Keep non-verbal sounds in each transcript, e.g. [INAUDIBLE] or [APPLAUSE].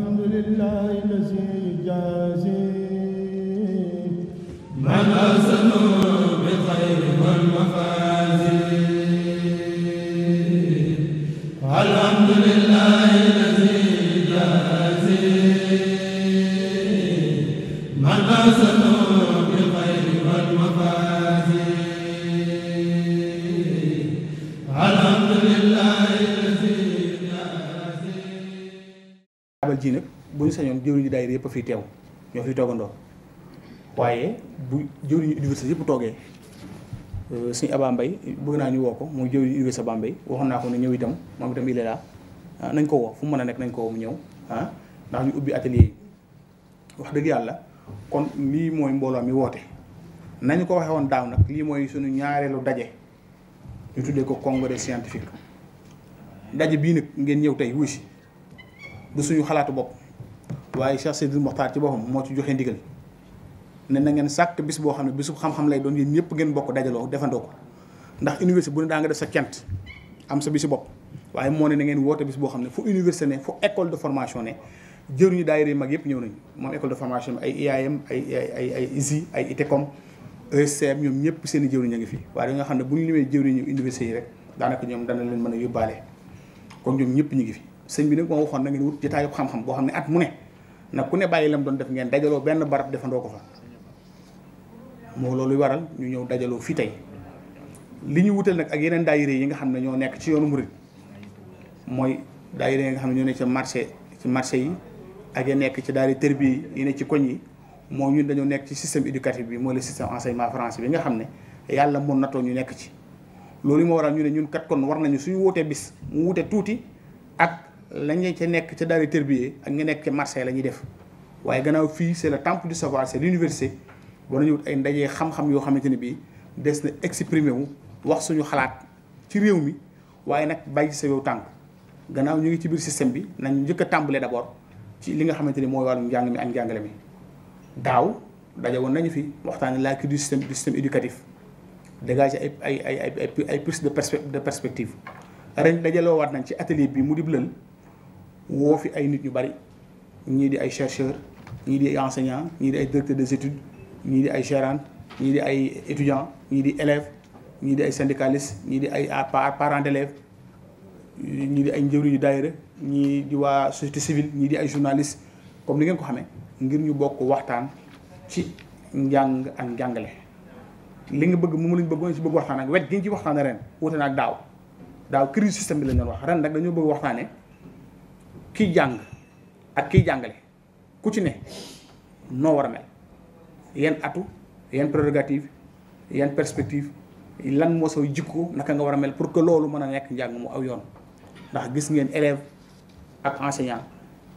الحمد لله الذي يجازي من أسلم daayira yëpp a fiy teew ñoo fiy toogandoo waaye bu jëwriñu université yëpp toogee euh, suñu Aba mbay bëgg naa ñu woo ko mooy jëwriñu université Aba mbay waxoon naa ko ne ñëw itam moom itam il est là nañ ko woo fu mu mën a nekk nañ ko woo mu ñëw ah ndax ñu ubbi atelier yi wax dëgg yàlla kon lii mooy mbooloo mi woote nañu ko waxee woon daaw nag lii mooy suñu ñaareelu daje ñu tuddee ko congrès scientifique daje bii nag ngeen ñëw tey wuy si du suñu xalaatu bopp waaye Cheikh Seydil Mokhtar ci boppam moo ci joxe ndigal ne na ngeen sàkk bis boo xam ne bisu xam-xam lay doon yéen ñëpp ngeen bokk dajaloo defandoo ko ndax université am sa bopp waaye moo ne na ngeen woote bis boo xam ne fu université ne fu école de formation ne jëruñu mag yëpp ñëw nañu moom école de formation bi ay IAM ay ay ay ISI ay ITECOM e ñoom ñëpp seen i jëwriñ a ngi fi waaye da nga xam ne bu ñu limee jëwriñu université yi rek daanaka ñoom dana leen mën a yóbbaale kon ñëpp ñu ngi fi sëñ bi nag moo waxoon na ngeen wut jotaayub xam-xam boo xam ne at mu ne nag ku ne bàyyi lam doon def ngeen dajaloo benn barab defandoo ko fa moo loolu waral ñu ñëw dajaloo fii tey li ñu wutal nag ak yeneen daayira yi nga xam ne ñoo nekk ci yoonu murit mooy daayira yi nga xam ne ñoo nekk ci marché ci marché yi ak ya nekk ci daari tër bi yi ne ci koñ yi moo ñun dañoo nekk ci système éducatif bi mooy le système enseignement français bi nga xam ne yàlla moon natoo ñu nekk ci loolu moo waral ñu ne ñun kat kon war nañu suñu wootee bis mu wute tuuti ak lañu ca nekk ca daara tërbiye ak nga nekk ca marché la ñuy def waaye gannaaw fii seen le temple du savoir c'est l'université war nañu wut ay ndaje xam-xam yoo xamante ne bii des na exprimer wu wax suñu xalaat ci réew mi waaye nag bàyyi sa yow tànk gannaaw ñu ngi ci biir système bi nañ njëkk a tàmbalee d'abord ci li nga xamante ni mooy wàllum njàng mi ak njàngale mi daaw daje woon nañu fi waxtaanee laaj du système du système éducatif dégager ay ay ay ay ay prise de perspective ren dajaloo waat nañ ci atelier bi mu di lël woo fi ay nit ñu bari ñii di ay chercheurs ñii di ay enseignants ñii di ay directeurs ñii di ay gérants ñii di ay étudiants ñii di élèves ñii di ay syndicalistes ñii di ay parents d'élèves ñii di ay njëriñu daayira ñii di waa société civile ñii di ay journalistes comme li ngeen ko xamee ngir ñu bokk waxtaan ci njàng ak njàngale. li nga bëgg moom lañ bëggoon ci bëgg waxtaan ak wet gi ñu ci waxtaanee ren wute na ak daaw daaw crise système bi lañ wax ren nag dañoo bëgg waxtaanee. kiy jàng ak kiy jàngale ku ci ne noo war a mel yan atu yan prérogative yan perspective lan moo saw jikko naka nga war a mel pour que loolu mën a nekk njàng mu aw yoon ndax gis ngeen élève ak enseignant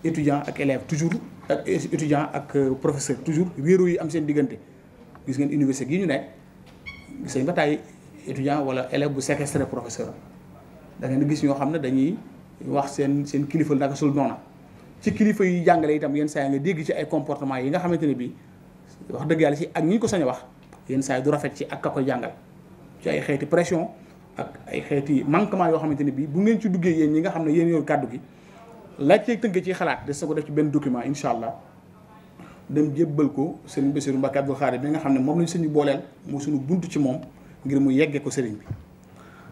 étudiant ak élève toujours ak étudiant ak euh, professeur toujours wéeru yi am seen diggante gis ngeen université gi ñu nekk gis nañ ba tàyyi étudiant wala élève bu séquestré professeur da ngeen gis ñoo xam ne dañuy wax seen seen kilifa naka sul noona ci kilifa yu jàngale itam yenn saa yi nga dégg ci ay comportement yi nga xamante ne bii wax dëgg yàlla ci ak ñi ko sañ wax yenn saa yi du rafet ci ak ka koy jàngal ci ay xeeti pression ak ay xeeti manquement yoo xamante ne bii bu ngeen ci duggee yéen ñi nga xam ne yéen yor kàddu gi laaj cee tënk ci xalaat de sa ko def ci benn document incha allah dem jébbal ko sëriñ Bassirou Mbacké Abdou Khadre bi nga xam ne moom lañ suñu booleel moo suñu bunt ci moom ngir mu yeggee ko sëriñ bi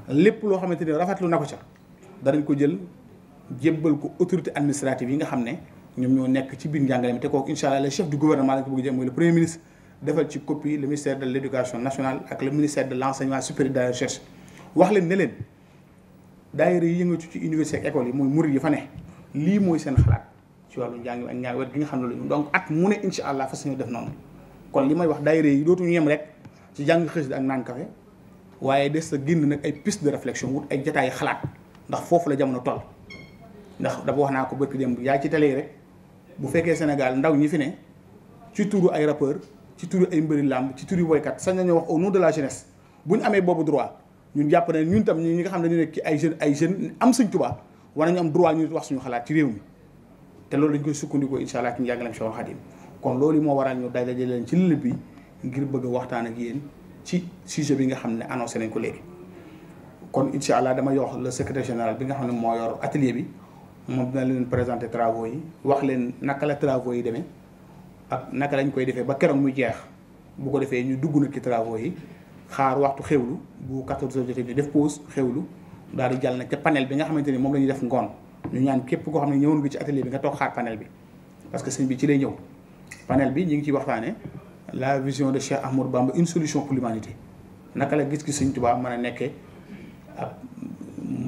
lépp loo xamante ne rafetlu na ko ca danañ ko jël jébbal ko autorité administrative yi nga xam ne ñoom ñoo nekk ci biir njàngale mi te kooku incha allah le chef du gouvernement la ko bëgg jëm mooy le premier ministre defal ci copie le ministère de l' éducation nationale ak le ministère de l' enseignement supérieur de la recherche wax leen ne leen daayira yi yëngatu ci université ak école yi mooy murid yi fa ne lii mooy seen xalaat ci wàllu njàng ak ñaar wet nga xam ne la ñu donc at mu ne incha allah fas ñu def noonu kon li may wax daayira yi dootuñu yem rek ci jàng xës ak naan kafe waaye des sa génn nag ay piste de réflexion wut ay jataayi xalaat ndax foofu la jamono toll ndax dafa wax naa ko bërki dem yaa ci télé rek bu fekkee Sénégal ndaw ñi fi ne ci turu ay rappeur ci turu ay mbëri làmb ci turu woykat sañ nañoo wax au nom de la jeunesse buñ ñu amee boobu droit ñun jàpp ne ñun tam ñi nga xam ne ñu nekk ci ay jeunes ay jeunes am Sëñ Tuubaa war nañu am droit ñu wax suñu xalaat ci réew mi te loolu dañ koy sukkandikoo incha allah ci njàngaleem Cheikh Khadim kon loolu moo waral ñu dajalee leen ci lël bi ngir bëgg waxtaan ak yéen ci sujet bi nga xam ne annoncé nañ ko léegi kon incha allah dama yox le secrétaire général bi nga xam ne moo yor bi moom dina leen présenter travaux yi wax leen naka la travaux yi demee ak naka lañ koy defee ba keroog muy jeex bu ko defee ñu dugg nag ci travaux yi xaar waxtu xewlu bu 14 heures jotee def pause xewlu daal di jàll nag ca bi nga xamante ni moom la ñuy def ngoon ñu ñaan képp ko xam ne ñëwoon nga ci atelier bi nga toog xaar panel bi parce que sëñ bi ci lay ñëw panel bi ñu ngi ciy waxtaanee la vision de Cheikh Ahmadou Bamba une solution pour l'humanité naka la gis-gis sëñ Tuubaa mën a nekkee ak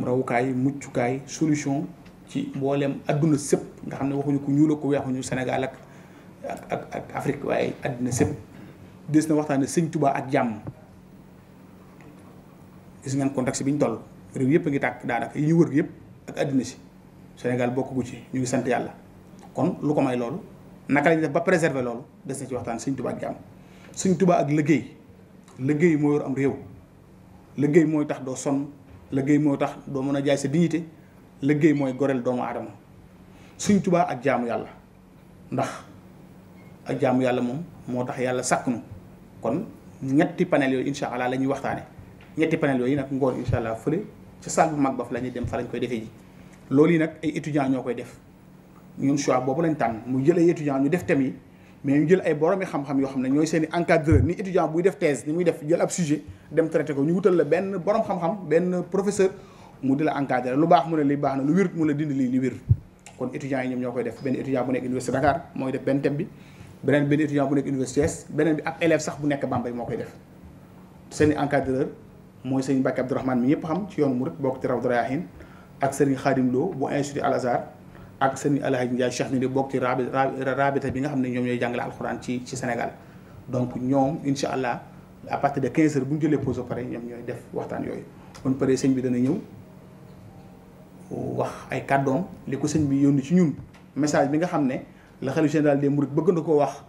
rawukaay muccukaay solution ci mbooleem adduna sëpp nga xam ne waxuñu ku ñuul ko weexuñu Sénégal ak ak ak Afrique waaye adduna sëpp des na waxtaane sëñ Tuubaa ak jàmm gis ngeen bi ñu toll yëpp a ngi tàkk daanaka ñu wër yëpp ak adduna si Sénégal bokk ci ñu ngi sant yàlla kon lu ko may loolu naka lañu def ba préserver loolu des ci waxtaan sëñ Tuubaa ak jàmm sëñ Tuubaa ak liggéey liggéey moo yor am réew liggéey mooy tax doo sonn liggéey mooy tax doo mën a jaay sa dignité liggéey mooy goreel doomu aadama suñ tubaa ak jaamu yàlla ndax ak jaamu yàlla moom moo tax yàlla sakk nu kon ñetti panel yooyu incha allah la ñuy waxtaane ñetti panel yooyu nag ngoon incha allah fële ca salle bu mag ba fa la ñuy dem fa lañ koy defee ji loolu yi nag ay étudiants ñoo koy def ñun choix boobu lañ tànn mu jël ay étudiants ñu def thème yi mais ñu jël ay boroomi xam-xam yoo xam ne ñooy seen i encadreur ni étudiant buy def thèse ni muy def jël ab sujet dem traité ko ñu wutal la benn borom xam-xam benn professeur mu di la encadré lu baax mu ne li baax na lu wérut mu ne dindi lii li wér kon étudiants yi ñoom ñoo koy def benn étudiant bu nekk université Dakar mooy def benn thème bi beneen benn étudiant bu nekk université S beneen bi ab koy def seen i encadreur mooy sëñ Mbacke Abdourahmane mi ñëpp xam ci yoonu murit bokk ci Rawdu Rayaahin ak sëriñ Khadim Lo bu institut Al Azhar ak sëriñ Alhaji Ndiaye Cheikh bokk ci rabi rabita bi nga xam ne ñoom ñooy jàngale alxuraan ci ci Sénégal donc ñoom incha allah à partir de 15 heures bu ñu jëlee pause pare ñoom ñooy def waxtaan yooyu kon pare sëñ bi dana ñëw wax ay kàddoom li ko sëñ bi yónni ci ñun message bi nga xam ne la xalif général des mourides bëgg na koo wax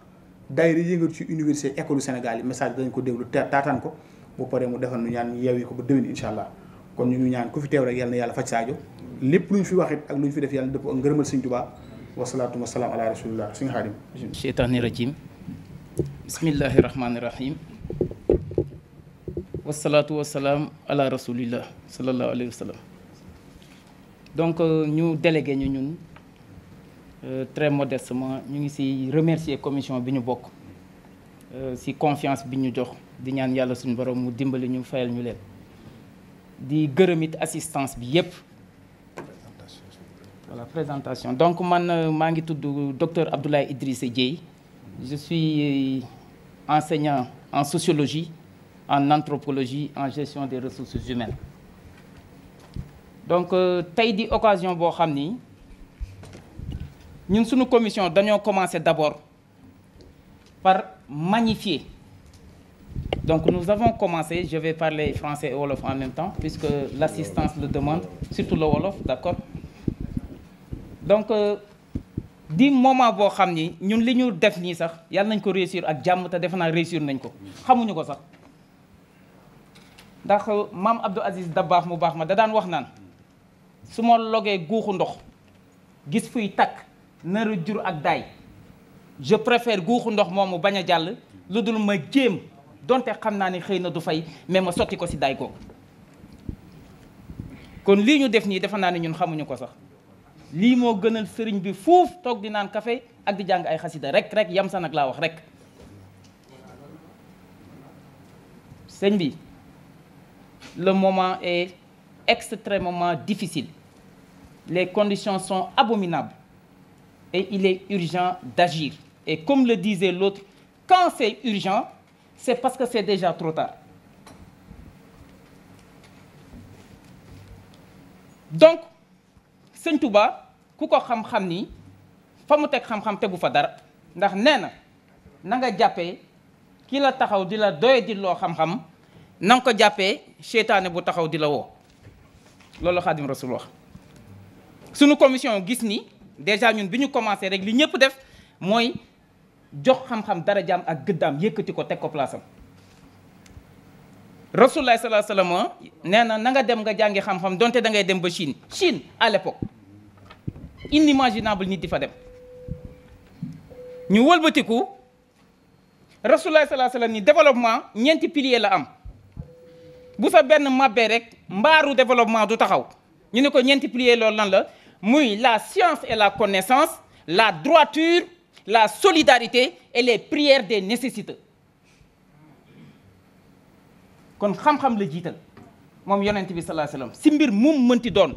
daayira yëngatu ci université école du Sénégal yi message dañ ko déglu taataan ko bu paree mu defal nu ñaan yeewi ko ba déwén incha allah kon ñu ngi ñaan ku fi teew rek yàlla yàlla faj saajo lépp lu ñu fi waxit ak lu ñu fi def yàlla dëpp ak ngërëmal sëñ Tuubaa wasalaatu wasalaam ala rasulillah suñu xaadim cheytaani rajim bismillahi rahmaani rahim wasalaatu wasalaam ala rasulillah sallallahu alayhi wa sallam donc euh, ñu délégué ñu ñun euh, très modestement ñu ngi ci remercier commission bi ñu bokk euh, ci confiance bi ñu jox di ñaan yàlla suñu borom mu dimbali ñu fayal ñu leen di gërëm assistance bi yépp voilà présentation donc man maa ngi tudd docteur Abdoulaye Idrissa Dieye je suis enseignant en sociologie en anthropologie en gestion des ressources humaines donc euh, tey di occasion boo xam ni ñun suñu commission dañoo commencé d'abord par magnifier donc nous avons commencé je vais parler français et wolof en même temps puisque l'assistance le demande surtout le wolof d'accord donc euh, di moment boo xam ni ñun li ñu def nii sax yàlla nañ ko réussir ak jàmm te defe naa réussir nañ ko xamuñu ko sax ndax euh, maam Abdou Aziz Dabakh mu baax ma da daan wax naan su ma logee guuxu ndox gis fuy takk nar jur ak daay je préfère guuxu ndox moomu bañ a jàll lu dul ma jéem donte xam naa ne xëy na du fay mais ma sotti ko si daay ko kon lii ñu def nii defe naa ne ñun xamuñu ko sax lii moo gënal sëriñ bi fuuf toog di naan kafe ak di jàng ay xasida rek rek yam sa nag laa wax rek sëñ bi le moment est extrêmement difficile Les conditions sont abominables et il est urgent d'agir. Et comme le disait l'autre, quand c'est urgent, c'est parce que c'est déjà trop tard. donc sëñ ku ko xam-xam ni fa mu teg xam-xam tegu fa dara ndax nee na na nga jàppee ki la taxaw di la doye di loo xam-xam na ko jàppee seytaane bu taxaw di la woo loolu xaadim rasul suñu commission gis ni déjà ñun bi ñu commencé rek li ñëpp def mooy jox xam-xam dara jaam ak gëddaam yëkkati ko teg ko place am. Rasulullah sallallahu alayhi wa sallam nee na na nga dem nga jàngi xam-xam donte da ngay dem ba Chine Chine à l'époque inimaginable nit di fa dem ñu wëlbatiku Rasulullah sallallahu alayhi wa ni développement ñeenti pilier la am bu fa benn màbbee rek mbaaru développement du taxaw ñu ne ko ñeenti pilier loolu nan la. muy la science et la connaissance la droiture la solidarité et les prières des nécessiteux kon xam-xam la jiital moom yonent bi salaa salaam si mbir mum mënti doon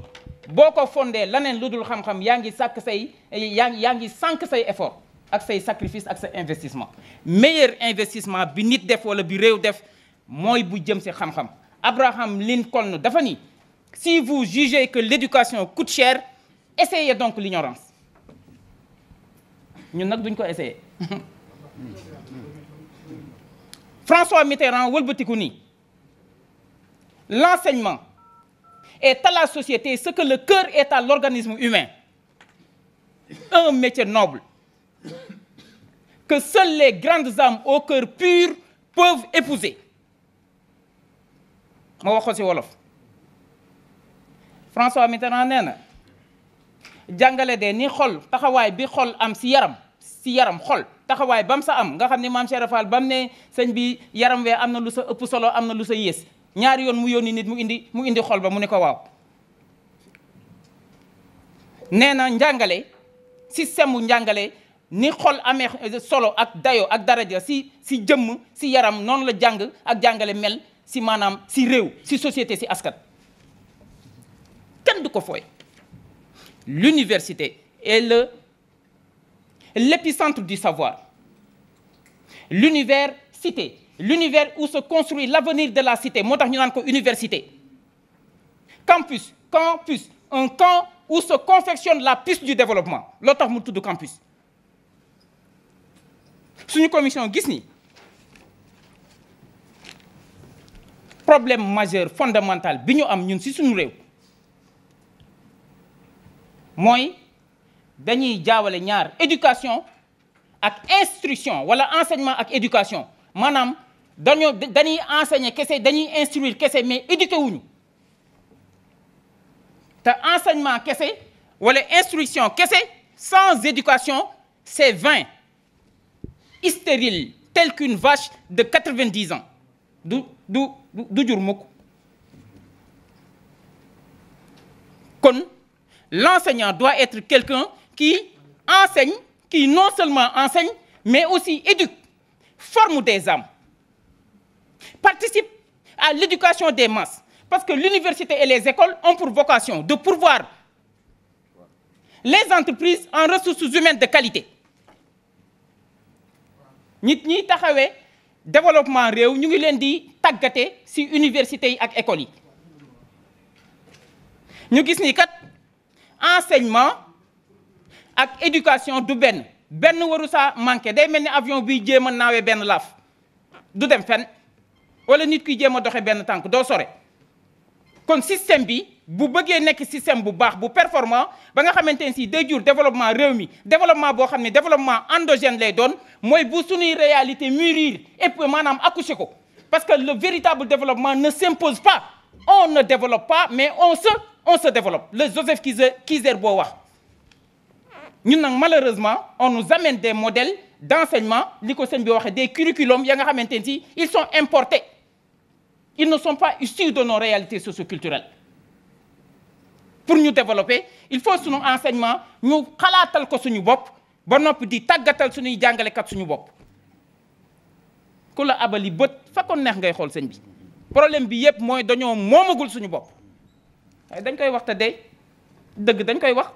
boo ko fondee laneen lu dul xam-xam yaa ngi sàkk say yaa ngi yaa ngi sànq say effort ak say sacrifice ak sa investissement meilleur investissement bi nit def wala bi réew def mooy bu jëm si xam-xam Abraham Lincoln dafa ni si vous jugez que l'éducation coûte cher essayez donc l'ignorance ñun nag duñ ko essayé [LAUGHS] François Mitterrand wëlbatiku nii l'enseignement est à la société ce que le cœur est à l'organisme humain un métier noble que seules les grandes âmes au cœur pur peuvent épouser ma wax ko ci wolof François Mitterrand nee na jàngale de ni xol taxawaay bi xol am si yaram si yaram xol taxawaay bam sa am nga xam ne maam Cheikh Fall bam ne sëñ bi yaram wee am na lu sa ëpp solo am na lu sa yées ñaari yoon mu yónni nit mu indi mu indi xol ba mu ne ko waaw nee na njàngale système mu njàngale ni xol amee solo ak dayo ak daraja si si jëmm si yaram noonu la jàng ak jàngale mel si maanaam si réew si société si askan kenn du ko fooy l'université est le, l'épicentre du savoir. L'univers cité, l'univers où se construit l'avenir de la cité, moo tax ñu naan ko université. Campus, campus, un camp où se confectionne la piste du développement loolu tax mu tudd campus. Suñu commission gis ni problème majeur fondamental bi ñu am ñun ci suñu réew. mooy dañuy jaawale ñaar éducation ak instruction wala enseignement ak éducation maanaam dañoo dañuy enseigner kese dañuy instruire kese mais éduquer wuñu te enseignement kese wala instruction kese sans éducation c'est vain stérile tel vache de quatre-vingt-dix ans du du du jur mukk kon l'enseignant doit être quelqu'un qui enseigne, qui non seulement enseigne, mais aussi éduque, forme des âmes, participe à l'éducation des masses. Parce que l'université et les écoles ont pour vocation de pourvoir les entreprises en ressources humaines de qualité. nit ñiy taxawee développement réew ñu ngi leen di tàggate ci université yi ak écoles yi ñu gis ni kat. enseignement ak éducation du benn benn waru saa manqué day mel ni avion buy jéem a naawee benn laaf du dem fenn wala nit kuy jéem a doxe benn tànk doo sore kon système bi bu bëggee nekk système bu baax bu performant ba nga xamante ne si des jur développement réew mi développement boo xam ne développement endogène lay doon mooy bu suñuy réalité mûrir et puis maanaam accoucher ko parce que le véritable développement ne s'impose pas on ne développe pas mais on on se développe le Joseph Kizer boo wax ñun nag malheureusement on nous amène des modèles d'enseignement li ko sëñ bi waxee des curriculums ya nga xamante ne si ils sont importés ils ne sont pas issus de nos réalités socioculturelles pour ñu développer il faut suñu enseignement ñu xalaatal ko suñu bopp ba noppi di tàggatal suñuy jàngalekat suñu bopp ku la abali bët fa ko neex ngay xool sëñ bi problème bi yépp mooy dañoo moomagul suñu bopp waaye eh, dañ koy wax te dey dëgg dañ koy wax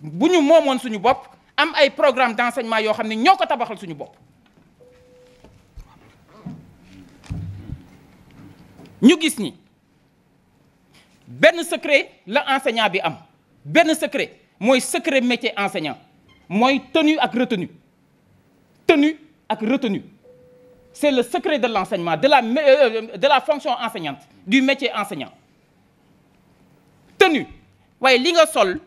bu ñu moomoon suñu bopp am ay programme d'enseignement yoo xam ne ñoo ko tabaxal suñu bopp ñu gis ni benn secret la enseignant bi am benn secret mooy secret métier enseignant mooy tenue ak retenue tenue ak retenue c'est le secret de l'enseignement de la euh, euh, de la fonction enseignante du métier enseignant tenue waaye li nga sol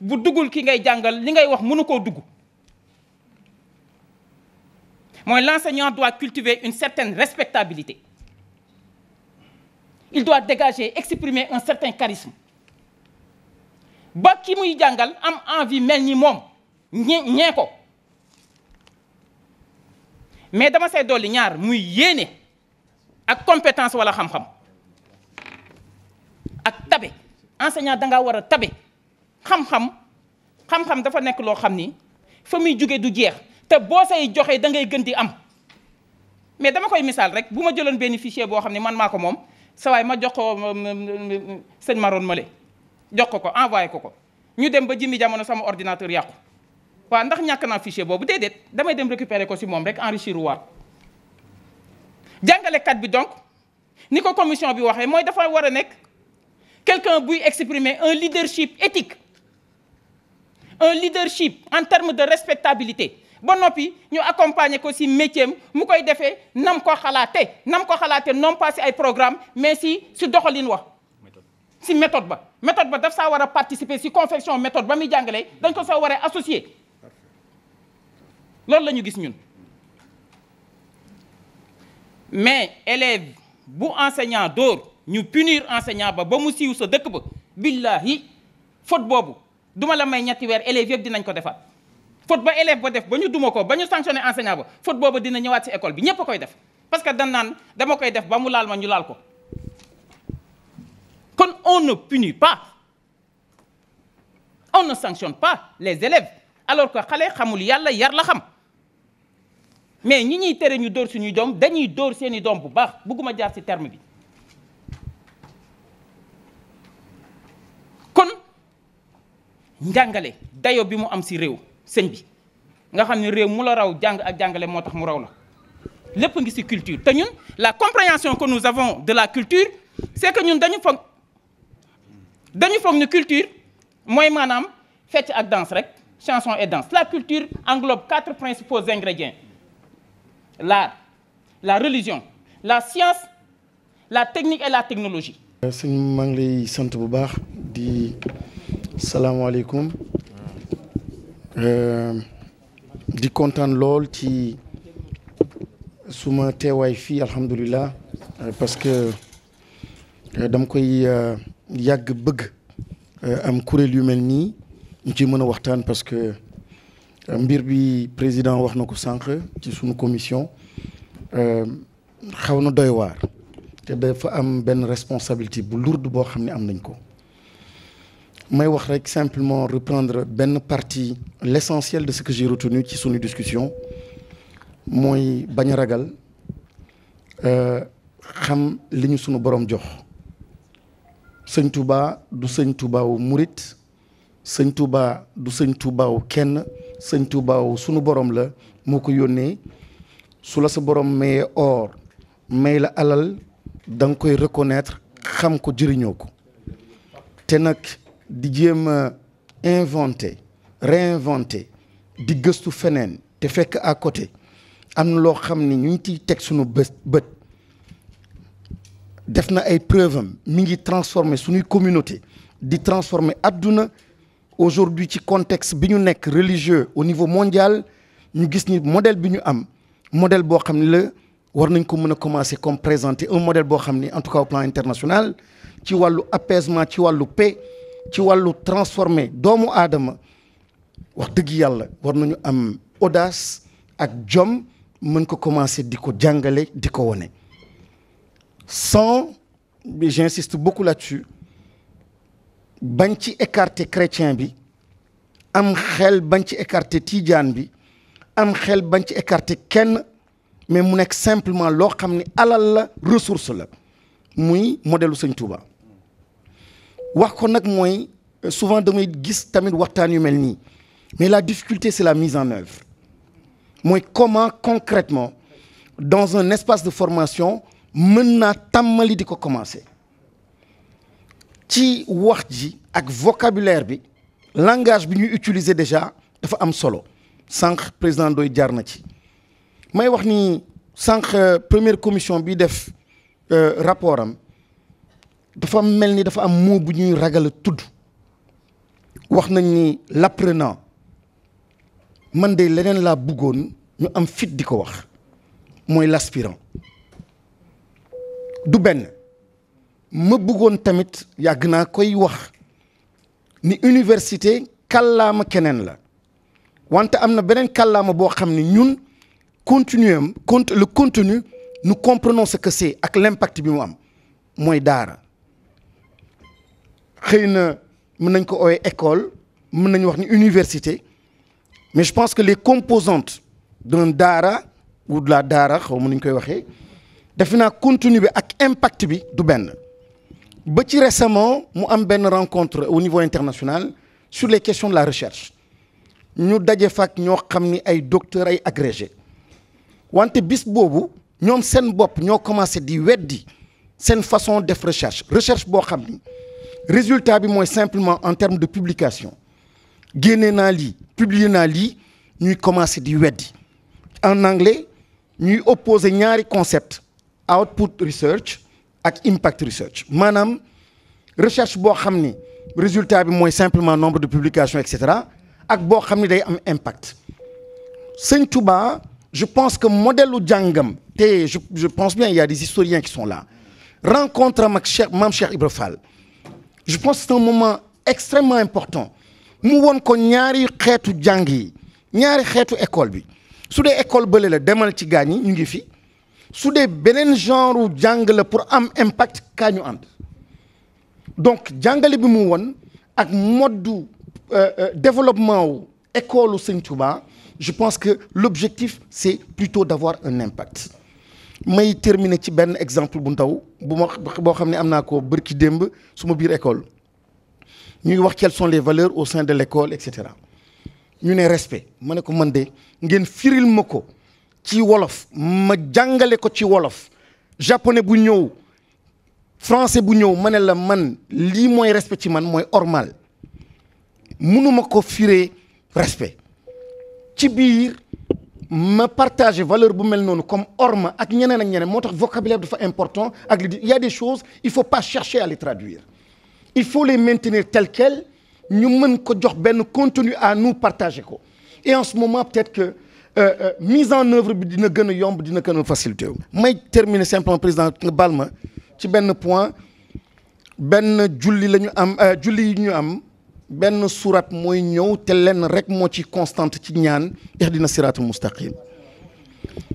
bu duggul ki ngay jàngal li ngay wax mënu koo dugg mooy l'enseignant doit cultiver une certaine respectabilité il doit dégager exprimer un certain charisme ba ki muy jàngal am envie mel ni moom ñe ñee ko mais dama say dolli ñaar muy yéene ak compétence walla xam-xam ak tabe enseignant da ngaa war a tabe xam-xam xam-xam dafa nekk loo xam ni fa muy jóge du jeex te boo say joxe da ngay gën di am mais dama koy misaal rek bu ma jëloon benn fichier boo xam ne man maa ko moom sa ma jox ko mm, mm, mm, sëñ Maroon Male jox ko ko envoyé ko ko ñu dem ba jimmi jamono sama ordinateur yàqu waa ndax ñàkk naa fichier boobu déedéet damay dem récupérer ko si moom rek enrichir waat jàngalekat bi donc ni ko commission bi waxee mooy dafa war a nekk. quelque buy exprimer un leadership éthique un leadership en terme de respectabilité ba noppi ñu accompagner ko si métier mu koy defee nam ko xalaate nam ko xalaate non pas ci ay programme mais ci si doxalin wax si méthode ba méthode ba daf saa war a participer si confection méthode ba muy jàngalee dañ ko saa war a loolu lañu gis ñun mais élève bu enseignant dóor ñu punir enseignant ba ba mu siiw sa dëkk ba billahi foot boobu duma la may ñetti weer élèves yëpp dinañ ko defaat faute ba élève ba def ba ñu duma ko ba ñu sanctionné enseignant ba faute boobu dina ñëwaat si école bi ñépp a koy def parce que dan naan dama koy def ba mu laal ma ñu laal ko kon on ne puni pas on ne sanctionne pa les élèves alors que xale xamul yàlla yar la xam mais ñi ñuy tere ñu dóor suñuy doom dañuy dóor seeni doom bu baax bëgguma jaar ci terme bi njàngale dayo bi mu am si réew sëñ bi nga xam ne réew mu la raw jàng ak jàngale moo tax mu raw la lépp ngi si culture te ñun la compréhension que nous avons de la culture c'est que ñun dañu foog dañu foog ne culture mooy maanaam fecc ak danse rek chanson et dance la culture englobe quatre principaux ingrédients l'art la religion la science la technique et la technologie euh, sëñ maa ngi lay sant bu baax di salaamaaleykum euh, di kontaan lool ci suma teewaay fii alhamdulilah euh, parce que euh, dama koy yàgg bëgg am kuréel yu mel nii ñu ci mën a waxtaan parce que mbir bi président wax na ko sànq ci sunu commission xaw na doy waar te dafa am benn responsabilité bu lourde boo xam ne am nañ ko may wax rek simplement reprendre benn partie l'essentiel de ce que j'ai retenu ci suñu discussion mooy bañ a ragal euh, xam li ñu suñu borom jox sëñ du sëñ Touba wu murit sëñ du sëñ Touba kenn sëñ Touba wu borom la moo ko yónnee su la sa borom mayee or may la alal da nga koy reconnaître xam ko jëriñoo ko te nag. di jéem a inventé réinventé di gëstu feneen te fekk à côté am loo xam ni ñu ngi ciy teg suñu bët bët def na ay preuve am mi ngi transformé suñuy communauté di transformer adduna aujourd'hui ci contexte bi ñu nekk religieux au niveau mondial ñu gis ni modèle bi ñu am modèle boo xam ne la war nañ ko mën a commencer comme présenter un modèle boo xam ni en tout cas au plan international ci wàllu apaisement ci wàllu paix ci wàllu transformer doomu aadama wax dëgg yàlla war nañu am audace ak jom mën ko commencer di ko jàngale di ko wone sans j'insiste beaucoup là-dessus bañ ci écarter chrétien bi am xel bañ ci écarter tijaan bi am xel bañ ci écarter kenn mais mu nekk simplement loo xam ni alal la ressource la muy modèlu Sëñ Tuuba wax ko nag mooy euh, souvent damay gis tamit waxtaan yu mel nii mais la difficulté c'est la mise en œuvre mooy comment concrètement dans un espace de formation mën naa tàmmali di ko commencer ci wax ji ak vocabulaire bi langage bi ñuy utiliser déjà dafa am solo sànq président doy jar na ci may wax ni sànq euh, première commission bi def euh, rapport am dafa mel ni dafa am mot bu ñuy ragal tudd wax nañ ni laprenant man de leneen laa buggoon ñu am fit di ko wax mooy l'aspirant du benn ma bëggoon tamit yàgg naa koy wax ni université kàllaama keneen la wante am na beneen kàllaama boo xam ne ñun continuer le contenu nous comprenons ce que c'est ak l'impact bi mu am mooy daara xëy na mën nañ ko ooye école mën nañu wax ni université mais je pense que les composantes d'un daara ou la daara xaw ma nañ koy waxee defe naa continue bi ak impact bi du benn ba ci récemment mu am benn rencontre au niveau international sur les questions de la recherche ñu daje fak ñoo xam ni ay docteurs ay agrégés wante bis boobu ñoom seen bopp ñoo commencé di weddi seen façon def recherche recherche boo xam ni résultat bi mooy simplement en termes de publication génne naa lii publier naa lii ñuy commencer di weddi en anglais ñuy opposer ñaari concept output research ak impact research maanaam recherche boo xam ni résultat bi mooy simplement nombre de publications et cetera ak boo xam ni day am impact Sëñ Touba je pense que modèle u jàngam te je je pense bien il y a des historiens qui sont là rencontre am ak Cheikh maam Cheikh Fall je pense que c'est moment extrêmement important mu won ko ñaari xeetu jàng yi ñaari xeetu école bi su dee école bële la demal ci gaañ yi ñu ngi fi su dee beneen genre jàng la pour am impact kaa ñu ànd donc jàngale bi mu won ak mode du euh, euh, développement wu école u Sëñ je pense que l'objectif c'est plutôt d'avoir un impact may terminer ci benn exemple bu ndaw bu ma boo xam ne am naa ko bërki démb suma biir école ñuy wax quelles sont les valeurs au sein de l'école et cetera ñu ne respect ma ne ko man de ngeen firil ma ko ci wolof ma jàngale ko ci wolof japone bu ñëw français bu ñëw ma ne la man lii mooy respect ci man mooy ormal mënuma ko firee respect ci biir ma partager valeur bu mel noonu comme orma ak ñeneen ak ñeneen moo tax vocabulaire dafa important ak li di il y a des choses il faut pas chercher à les traduire il faut les maintenir telles quelles ñu mën ko jox benn contenu à nous partager ko et en ce moment peut que euh, euh, mise en œuvre bi dina gën a yomb dina gën a facilité wu. may terminer simplement président nga baal ci benn point benn julli lañu am euh, julli yi ñu am. benn surat mooy ñëw te lenn rek moo ci constante ci ñaan ihdina siratul mustaqim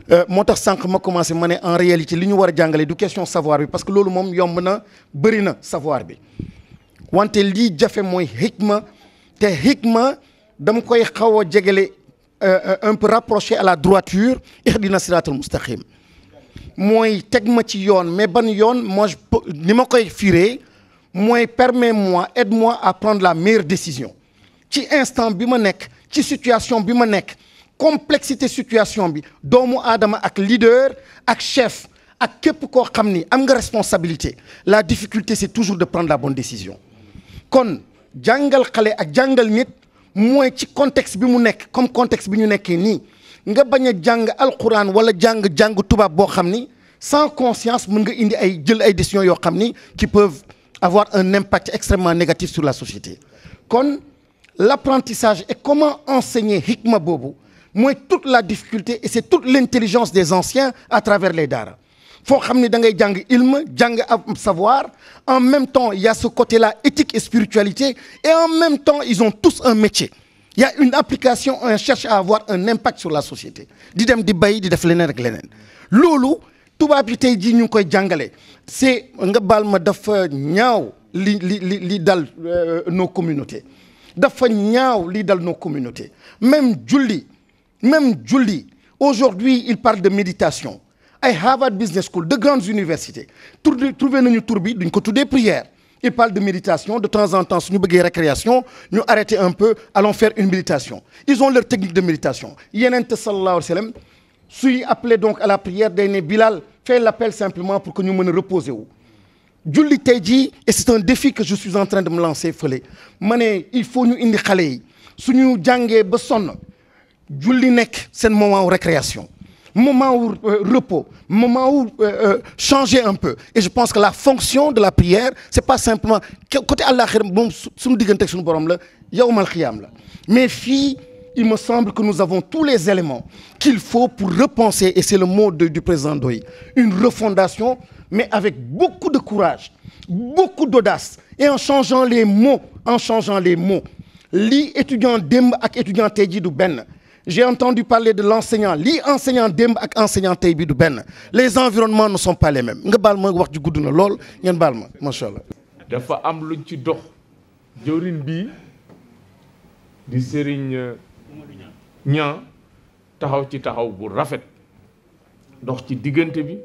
euh, moo tax sànq ma commencé ma ne en réalité li ñu war a jàngale du question savoir bi parce que loolu moom yomb na bëri na savoir bi wante lii jafe mooy hikma te hikma dama koy xaw a jegele euh, euh, un peu rapproché à la droiture ihdina siratul mustaqim mooy teg ma ci yoon mais ban yoon moi ni ma koy firee mooy permets mois aide mois à prendre la meilleure décision ci instant bi ma nekk ci situation bi ma nekk complexité situation bi doomu aadama ak lider ak chef ak képp koo xam ni am nga responsabilité la difficulté c'est toujours de prendre la bonne décision kon jàngal xale ak jàngal nit mooy ci contexte bi mu nekk comme contexte bi ñu nekkee nii nga bañ a jàng alxuraan wala jàng jàng tubaab boo xam ni sans conscience mun nga indi ay jël ay décisions yoo xam ni qui peuvent avoir un impact extrêmement négatif sur la société kon l'apprentissage et comment enseigner hikma boobu mooy toute la difficulté et c'est toute l'intelligence des anciens à travers les dara foo xam ne da ngay jàng ilm jàng am savoir en même temps il y a ce côté-là éthique et spiritualité et en même temps ils ont tous un métier il y a une application on cherche à avoir un impact sur la société di dem di bay di def leneen rek leneen tubaab yi tey jii ñu ngi koy jàngale c'est nga baal ma dafa ñaaw li li li li dal euh, nos communautés dafa ñaaw lii dal nos communautés même julli même julli aujourd'hui il parle de méditation ay Harvard Business School de grandes universités tur trouvé nañu tur bi duñ ko tuddee prière il parle de méditation de temps en temps suñu bëggee récréation ñu arrêter un peu allons faire une méditation ils ont leur technique de méditation yenente sallallahu alayhi wa sallam suy appelé donc à la prière day ne Bilal fais l'appel simplement pour que ñu mën a reposer wu julli tey jii et c'est un défi que je suis en train de me lancer fële ma ne il faut ñu indi xale yi suñu jàngee ba sonn julli nekk seen moment wu récréation moment wu euh, repos moment wu euh, euh, changer un peu et je pense que la fonction de la prière c'est pas simplement côté àllaaxira moom suñu diggante ak suñu borom la yawmal xiyaam la mais il me semble que nous avons tous les éléments qu'il faut pour repenser, et c'est le mot de, du président Doy, une refondation, mais avec beaucoup de courage, beaucoup d'audace, et en changeant les mots, en changeant les mots. lii étudiant démb ak étudiant tey jii du benn j'ai entendu parler de l'enseignant lii enseignant démb ak enseignant tey bi du benn les environnements ne sont pas les mêmes nga baal ma wax ji gudd na lool ngeen baal ma macha am luñ ci dox ña taxaw ci taxaw bu rafet dox ci diggante bi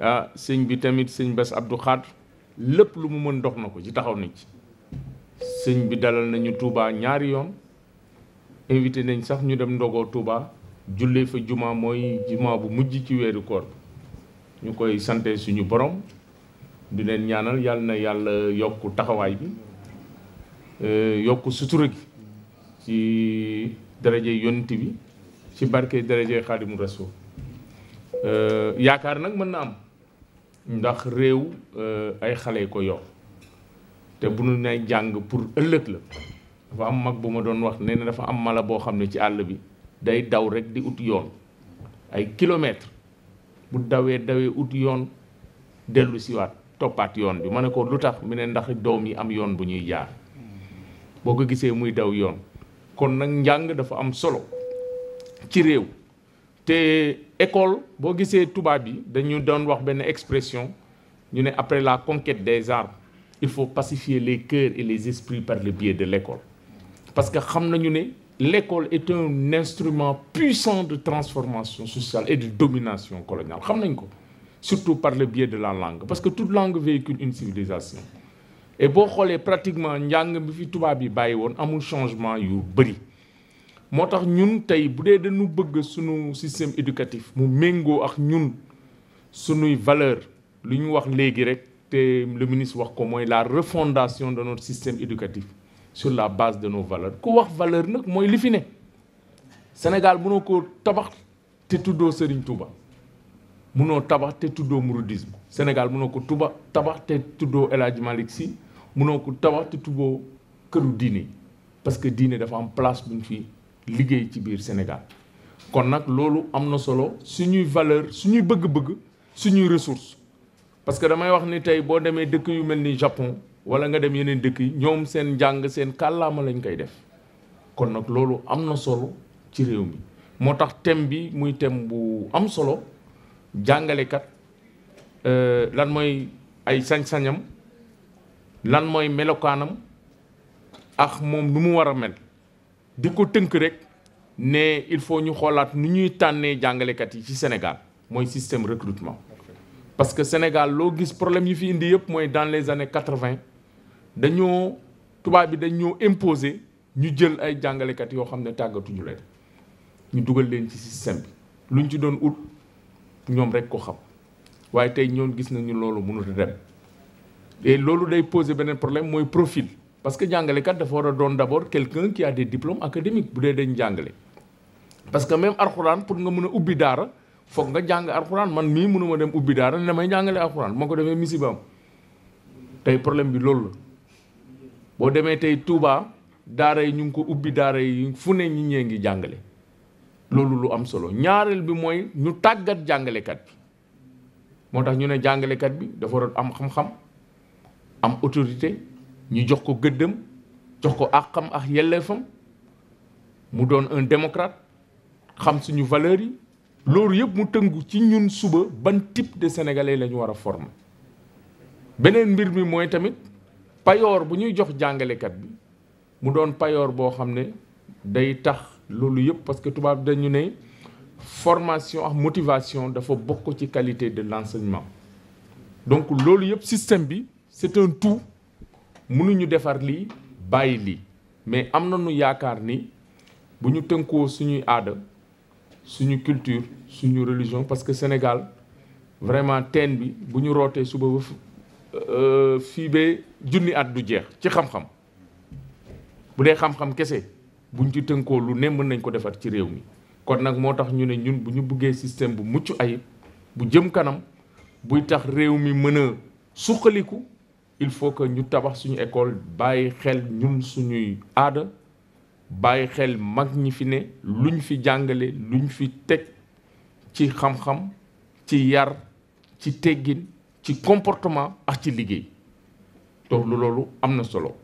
ah sëñ bi tamit sëñ Bass Abdou Khadre lépp lu mu mën ndox na ko ci taxaw nañ ci sëñ bi dalal nañu Touba ñaari yoon invité nañ sax ñu dem ndogoo tuuba jullee fa juma mooy juma bu mujj ci weeru koor ñu koy sante suñu boroom di leen ñaanal yàlla na yàlla yokk taxawaay bi eh, yokk sutura gi ci darajey yonent bi ci barke darajey xaadimu rasul euh, yaakaar nag mën na am ndax réew euh, ay xale ko yor te bu nu nay jàng pour ëllëg la dafa am mag bu ma doon wax nee na dafa am mala boo xam ne ci àll bi day daw rek di ut yoon ay kilomètre bu dawee dawee ut yoon dellu siwaat toppaat yoon bi ma ne ko lu tax mu ne ndax doom yi am yoon bu ñuy jaar boo ko gisee muy daw yoon kon nag njàng dafa am solo ci réew te école boo gisee tubaab yi dañu doon wax benn expression ñu ne après la conquête des armes il faut pacifier les cœurs et les esprits par le biais de l'école parce que xam nañu ne l'école est un instrument puissant de transformation sociale et de domination coloniale xam nañ ko surtout par le biais de la langue parce que toute langue véhicule une civilisation boo xoolee pratiquement njàng bi fi tubaab yi bàyyi woon amul changement yu bëri moo tax ñun tey bu dee dañu bëgg sunu système éducatif mu méngoo ak ñun sunuy valeur lu ñu wax léegi rek te le ministre wax ko mooy la refondation de notre système éducatif sur la base de no valeurs ku wax valeur nag mooy li fi ne Sénégal mënoo ko tabax te tuddoo Serigne Touba mënoo tabax te tuddoo mouridisme Sénégal mënoo ko tuba tabax te tuddoo El Hadj Malick Sy munoo ko tabax te tuboo këru diine parce que diine dafa am place bu ñu fi liggéey ci biir Sénégal kon nag loolu am na solo suñuy valeur suñuy bëgg-bëgg suñuy ressources parce que damay wax ni tey boo demee dëkk yu mel ni Japon wala nga dem yeneen dëkk yi ñoom seen njàng seen kàllaama lañ koy def kon nag loolu am na solo ci réew mi moo tax thème bi muy thème bu am solo jàngalekat euh, lan mooy ay sañ-sañam lan mooy melokaanam ak moom lu mu war a mel di ko tënk rek ne il faut ñu xoolaat ni ñuy tànnee jàngalekat yi ci Sénégal mooy système recrutement parce que Sénégal loo gis problème yi fi indi yëpp mooy dans les années quatre-vingt dañoo tubaab bi dañoo imposer ñu jël ay jàngalekat yoo xam ne tàggatuñu leen ñu dugal leen ci système bi luñ ci doon ut ñoom rek ko xam waaye tey ñoom gis nañu loolu mënut a dem et loolu day poser beneen problème mooy profil parce que jàngalekat dafa war a doon d' abord ki qui a des bu dee dañ jàngale parce que même arxuraan pour nga mën a ubbi daara foog nga jàng arxuraan man mii mënuma dem ubbi daara ne damay jàngale arxuraan moo ko defee misiba tey problème bi loolu la boo demee tey Touba daara yi ñu ngi ko ubbi daara yi fu ne ñi ñee ngi jàngale loolu lu am solo ñaareel bi mooy ñu tàggat jàngalekat bi moo tax ñu ne jàngalekat bi dafa am xam am autorité ñu jox ko gëddëm jox ko xam ak yelleefam mu doon un démocrate xam suñu valeurs yi loolu yëpp mu tëngu ci ñun suba ban type de sénégalais lañu ñu war a former beneen mbir mi mooy tamit payoor bu ñuy jox jàngalekat bi mu doon payoor boo xam ne day tax loolu yëpp parce que tubaab dañu ne formation ak motivation dafa bokk ci qualité de l'enseignement donc loolu yëpp système bi c'est un tout mënuñu defar lii bàyyi lii mais am nañu yaakaar ni bu ñu tënkoo suñuy aada suñu culture suñu religion parce que Sénégal vraiment teen bi bu ñu rootee suba ba euh, fii ba junni at du jeex ci xam-xam bu dee xam-xam kese buñ ci tënkoo lu ne mën nañ ko defar ci réew mi kon nag moo tax ñu ne ñun bu ñu buggee système bu mucc ayib bu jëm kanam buy tax réew mi mën a suqaliku il faut que ñu tabax suñu école bàyyi xel ñun suñuy aada bàyyi xel mag ñi fi ne luñ fi jàngale luñ fi teg ci xam-xam ci yar ci teggin ci comportement ak ci liggéey donc loolu am na solo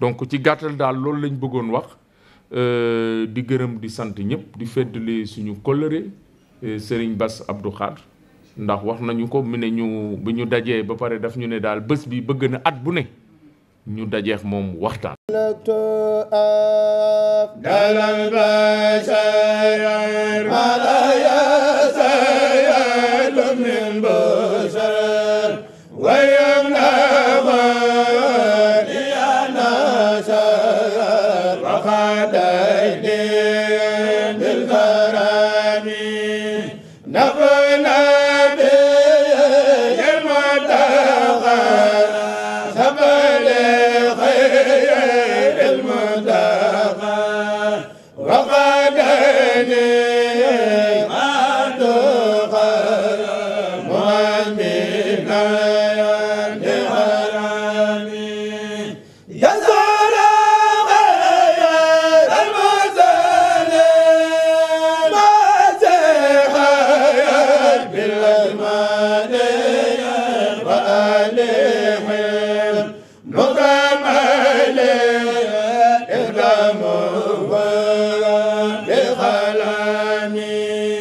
donc ci gàttal daal loolu lañ bëggoon wax euh, di gërëm di sant ñëpp di feddali suñu kóllëre euh, Serigne Bass Abdou Khadre ndax wax nañu ko mu ne ñu bu ñu dajee ba pare daf ñu ne daal bés bi bëgg na at bu ne ñu dajeex moom waxtaan dalal ba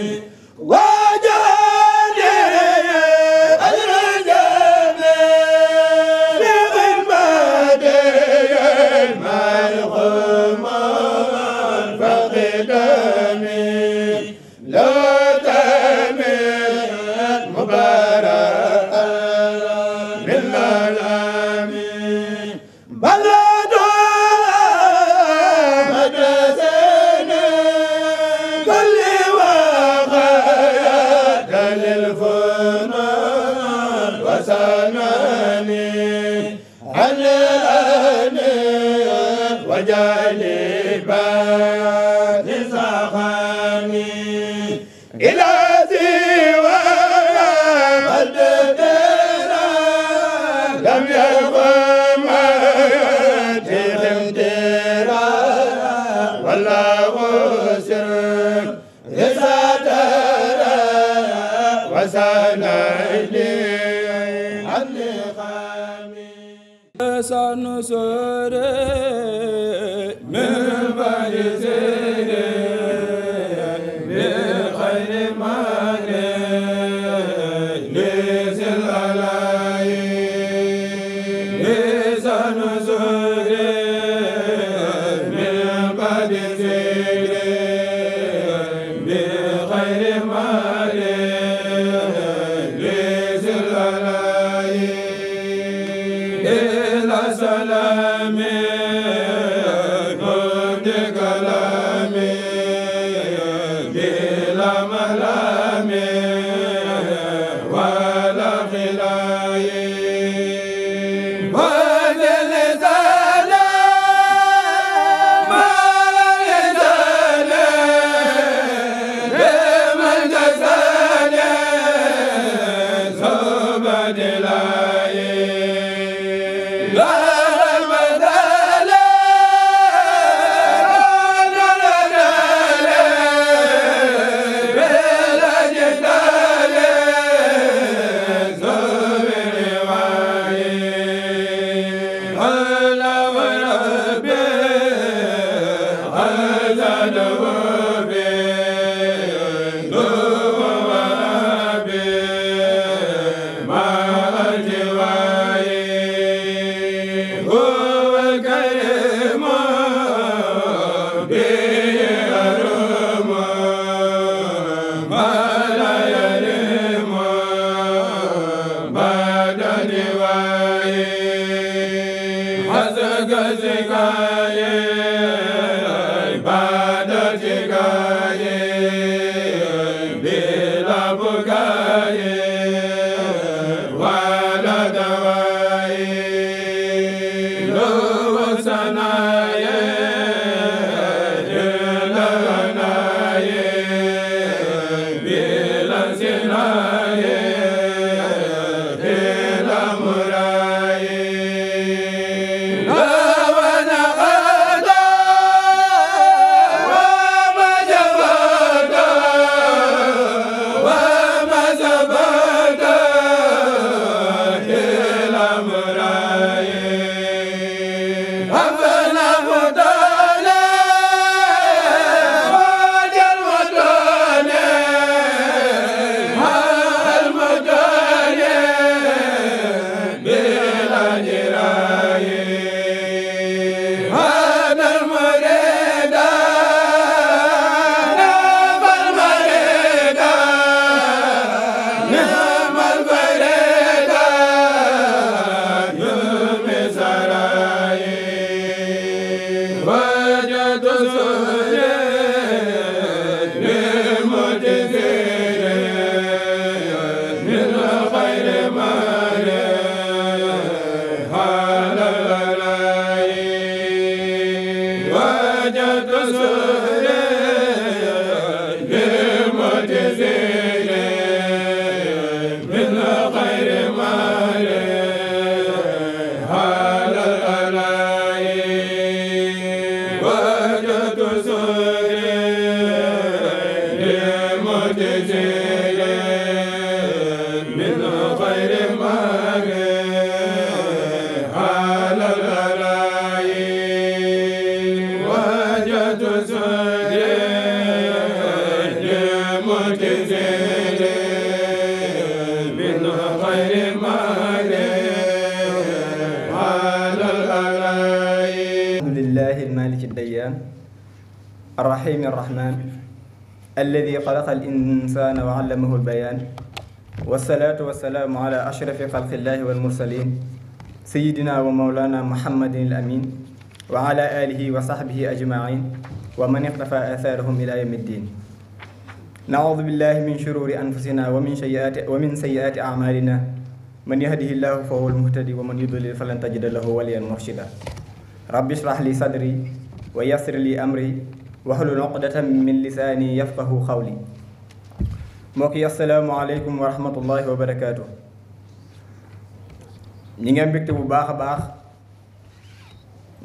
ne ذكرك alladi xalaqa al insana wa allamahu albayan wasalaatu wasalaamu ala ashrafi xalqi llahi walmursalin sayidina wa maulana muhammadin al amin wa ala alihi wa sahbihi ajmain wa man iqtafa athaarahum ila yawmi ddin naudu billahi min shururi anfusina wa min sayiati wa min sayiati amalina man yahdihi llahu fa huwa almuhtadi wa man yudlil falan tajida lahu waliyan murshida rabbi shrah li sadri wa yassir li amri waxlul uqdatan min lisaani yafqahu xawli mbokk yi asalaamaaleykum wa rahmatullahi wa barakaatu ñi nga mbégte bu baax a baax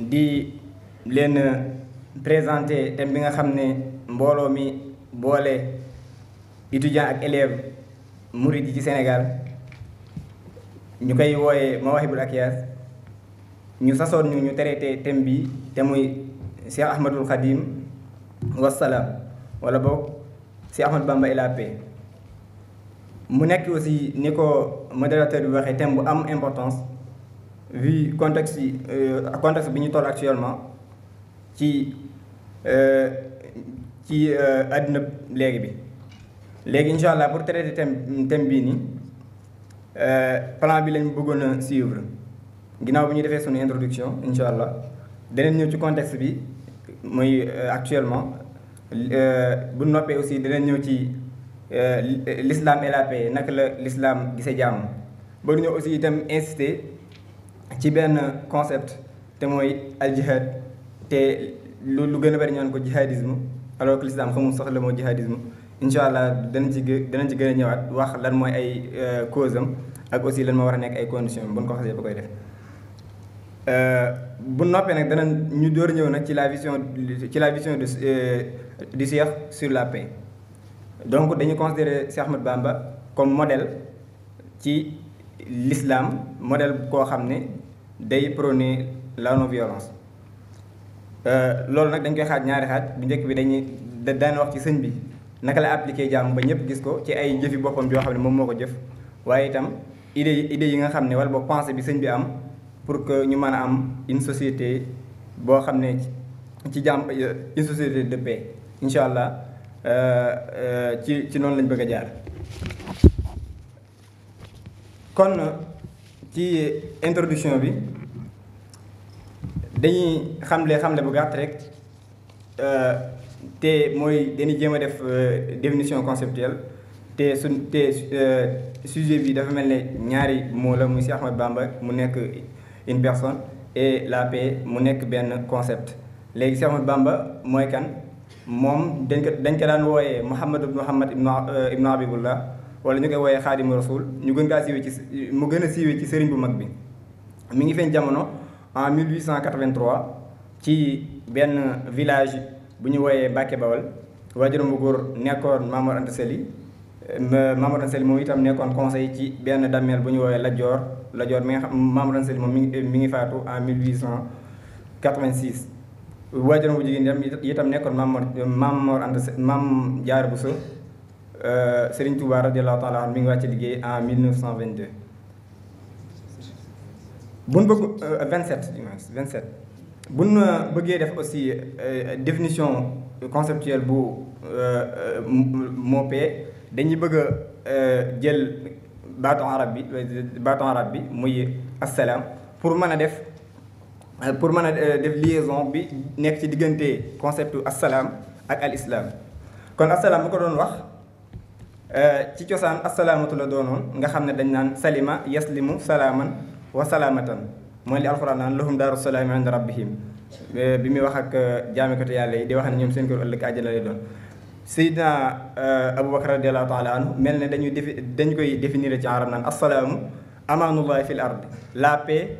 di leen présenté thème bi nga xam ne mbooloo mi boole étudiants ak élèves murid yi ci Sénégal ñu koy wooyee Mawahibul Akyaas ñu sasoon ñu ñu traité thème bi te muy Cheikh Ahmadul Khadim wasalaam wala boog si Ahmad Bamba ila paix mu nekk aussi ni ko modérateur bi waxee thème bu am importance vie contexte yi euh, contexte bi ñu toll actuellement ci euh, ci euh, àdduna léegi bi léegi incha allah pour traiter thème thème bii nii plan bi lañ bëggoon suivre ginnaaw bi ñu defee suñu introduction incha allah danañ ñëw ci contexte bi muy euh, actuellement euh, bu noppee aussi danañ ñëw ci euh, l'islam et la paix naka la l'islam gise jàmm ba ñëw aussi itam insisté ci benn concept te mooy al te lu lu gën a bari ñoon ko jihadisme alors que l'islam xamul sax la moo jihadisme incha allah danañ ci danañ ci gën a ñëwaat wax lan mooy ay cause am ak aussi lan moo war a nekk ay conditions bu ñu ko xasee bu koy def Euh, bu noppee nag dana ñu dóor ñëw nag ci la vision ci la vision de euh, du Cheikh sur la paix donc dañu considérer Cheikh Ahmed Bamba comme modèle ci lislaam modèle koo xam ne day prôner la non violence euh, loolu nag dañ koy xaaj ñaari xaaj bu njëkk bi dañuy daan wax ci sëñ bi naka la appliqué jàmm ba ñëpp gis ko ci ay jëfi boppam yoo xam ne moom moo ko jëf waaye itam idée idée yi nga xam ne wala boo pensée bi sëñ bi am pour que ñu mën a am une société boo xam ne ci jàmm une société de paix incha allah euh, euh, ci ci noonu lañ bëgg a jaar. kon ci introduction bi dañuy xamle xamle bu gàtt rek euh, te mooy dañuy jéem a def définition conceptuelle te su te sujet bi dafa mel ne ñaari moo la muy Cheikh Ahmadou mu nekk. une personne et la paix mu nekk benn concept léegi Cheikh Ahmadou mooy kan moom dañ ko dañ ko daan wooyee Mouhamad ibnu Mouhamad ibnu Habibullah wala ñu koy wooyee Xaadimu Rasul ñu gën kaa siiwee ci mu gën a siiwee ci sëriñ bu mag bi mu ngi feeñ jamono en 1883 ci benn village bu ñu wooyee Mbacke Bawal waajuram bu góor nekkoon Mamour Anta Sali Mamadou Anseli moom itam nekkoon conseil ci benn dammeel bu ñu woowee la Joor Lat Joor mi nga xam Mamadou Anseli moom mi ngi mi ngi faatu en 1886. waajuram bu jigéen itam itam nekkoon Maam Mor Maam Mor jaar bu Jaara Buso Serigne Touba radiyallahu taala mi ngi wàcc liggéey en 1922. bu nu bëgg 27 du moins 27 bu nu bëggee def aussi euh, euh, définition conceptuelle bu euh, mot dañuy bëgg a euh, jël baaton arab bi baatu arab bi muy asalaam pour mën a def pour mën a euh, def liaison bi nekk ci diggante conceptu assalaam ak al kon asalaam bu ko doon wax euh, ci cosaan asalaamatu la doonoon nga xam ne dañ naan salima yaslimu salaaman wa salaamatan mooy li alxuraan naan lahum daaru salaami inda rabbihim bi muy wax ak jaamikatu yàlla yi di wax ne ñoom seen kër ëllëg àjjana lay doon Seydina euh, Aboubacar radiallahu taala anhu mel ne dañuy défi dañ koy définir ci arab naan assalaamu amaanullahi fil ard la paix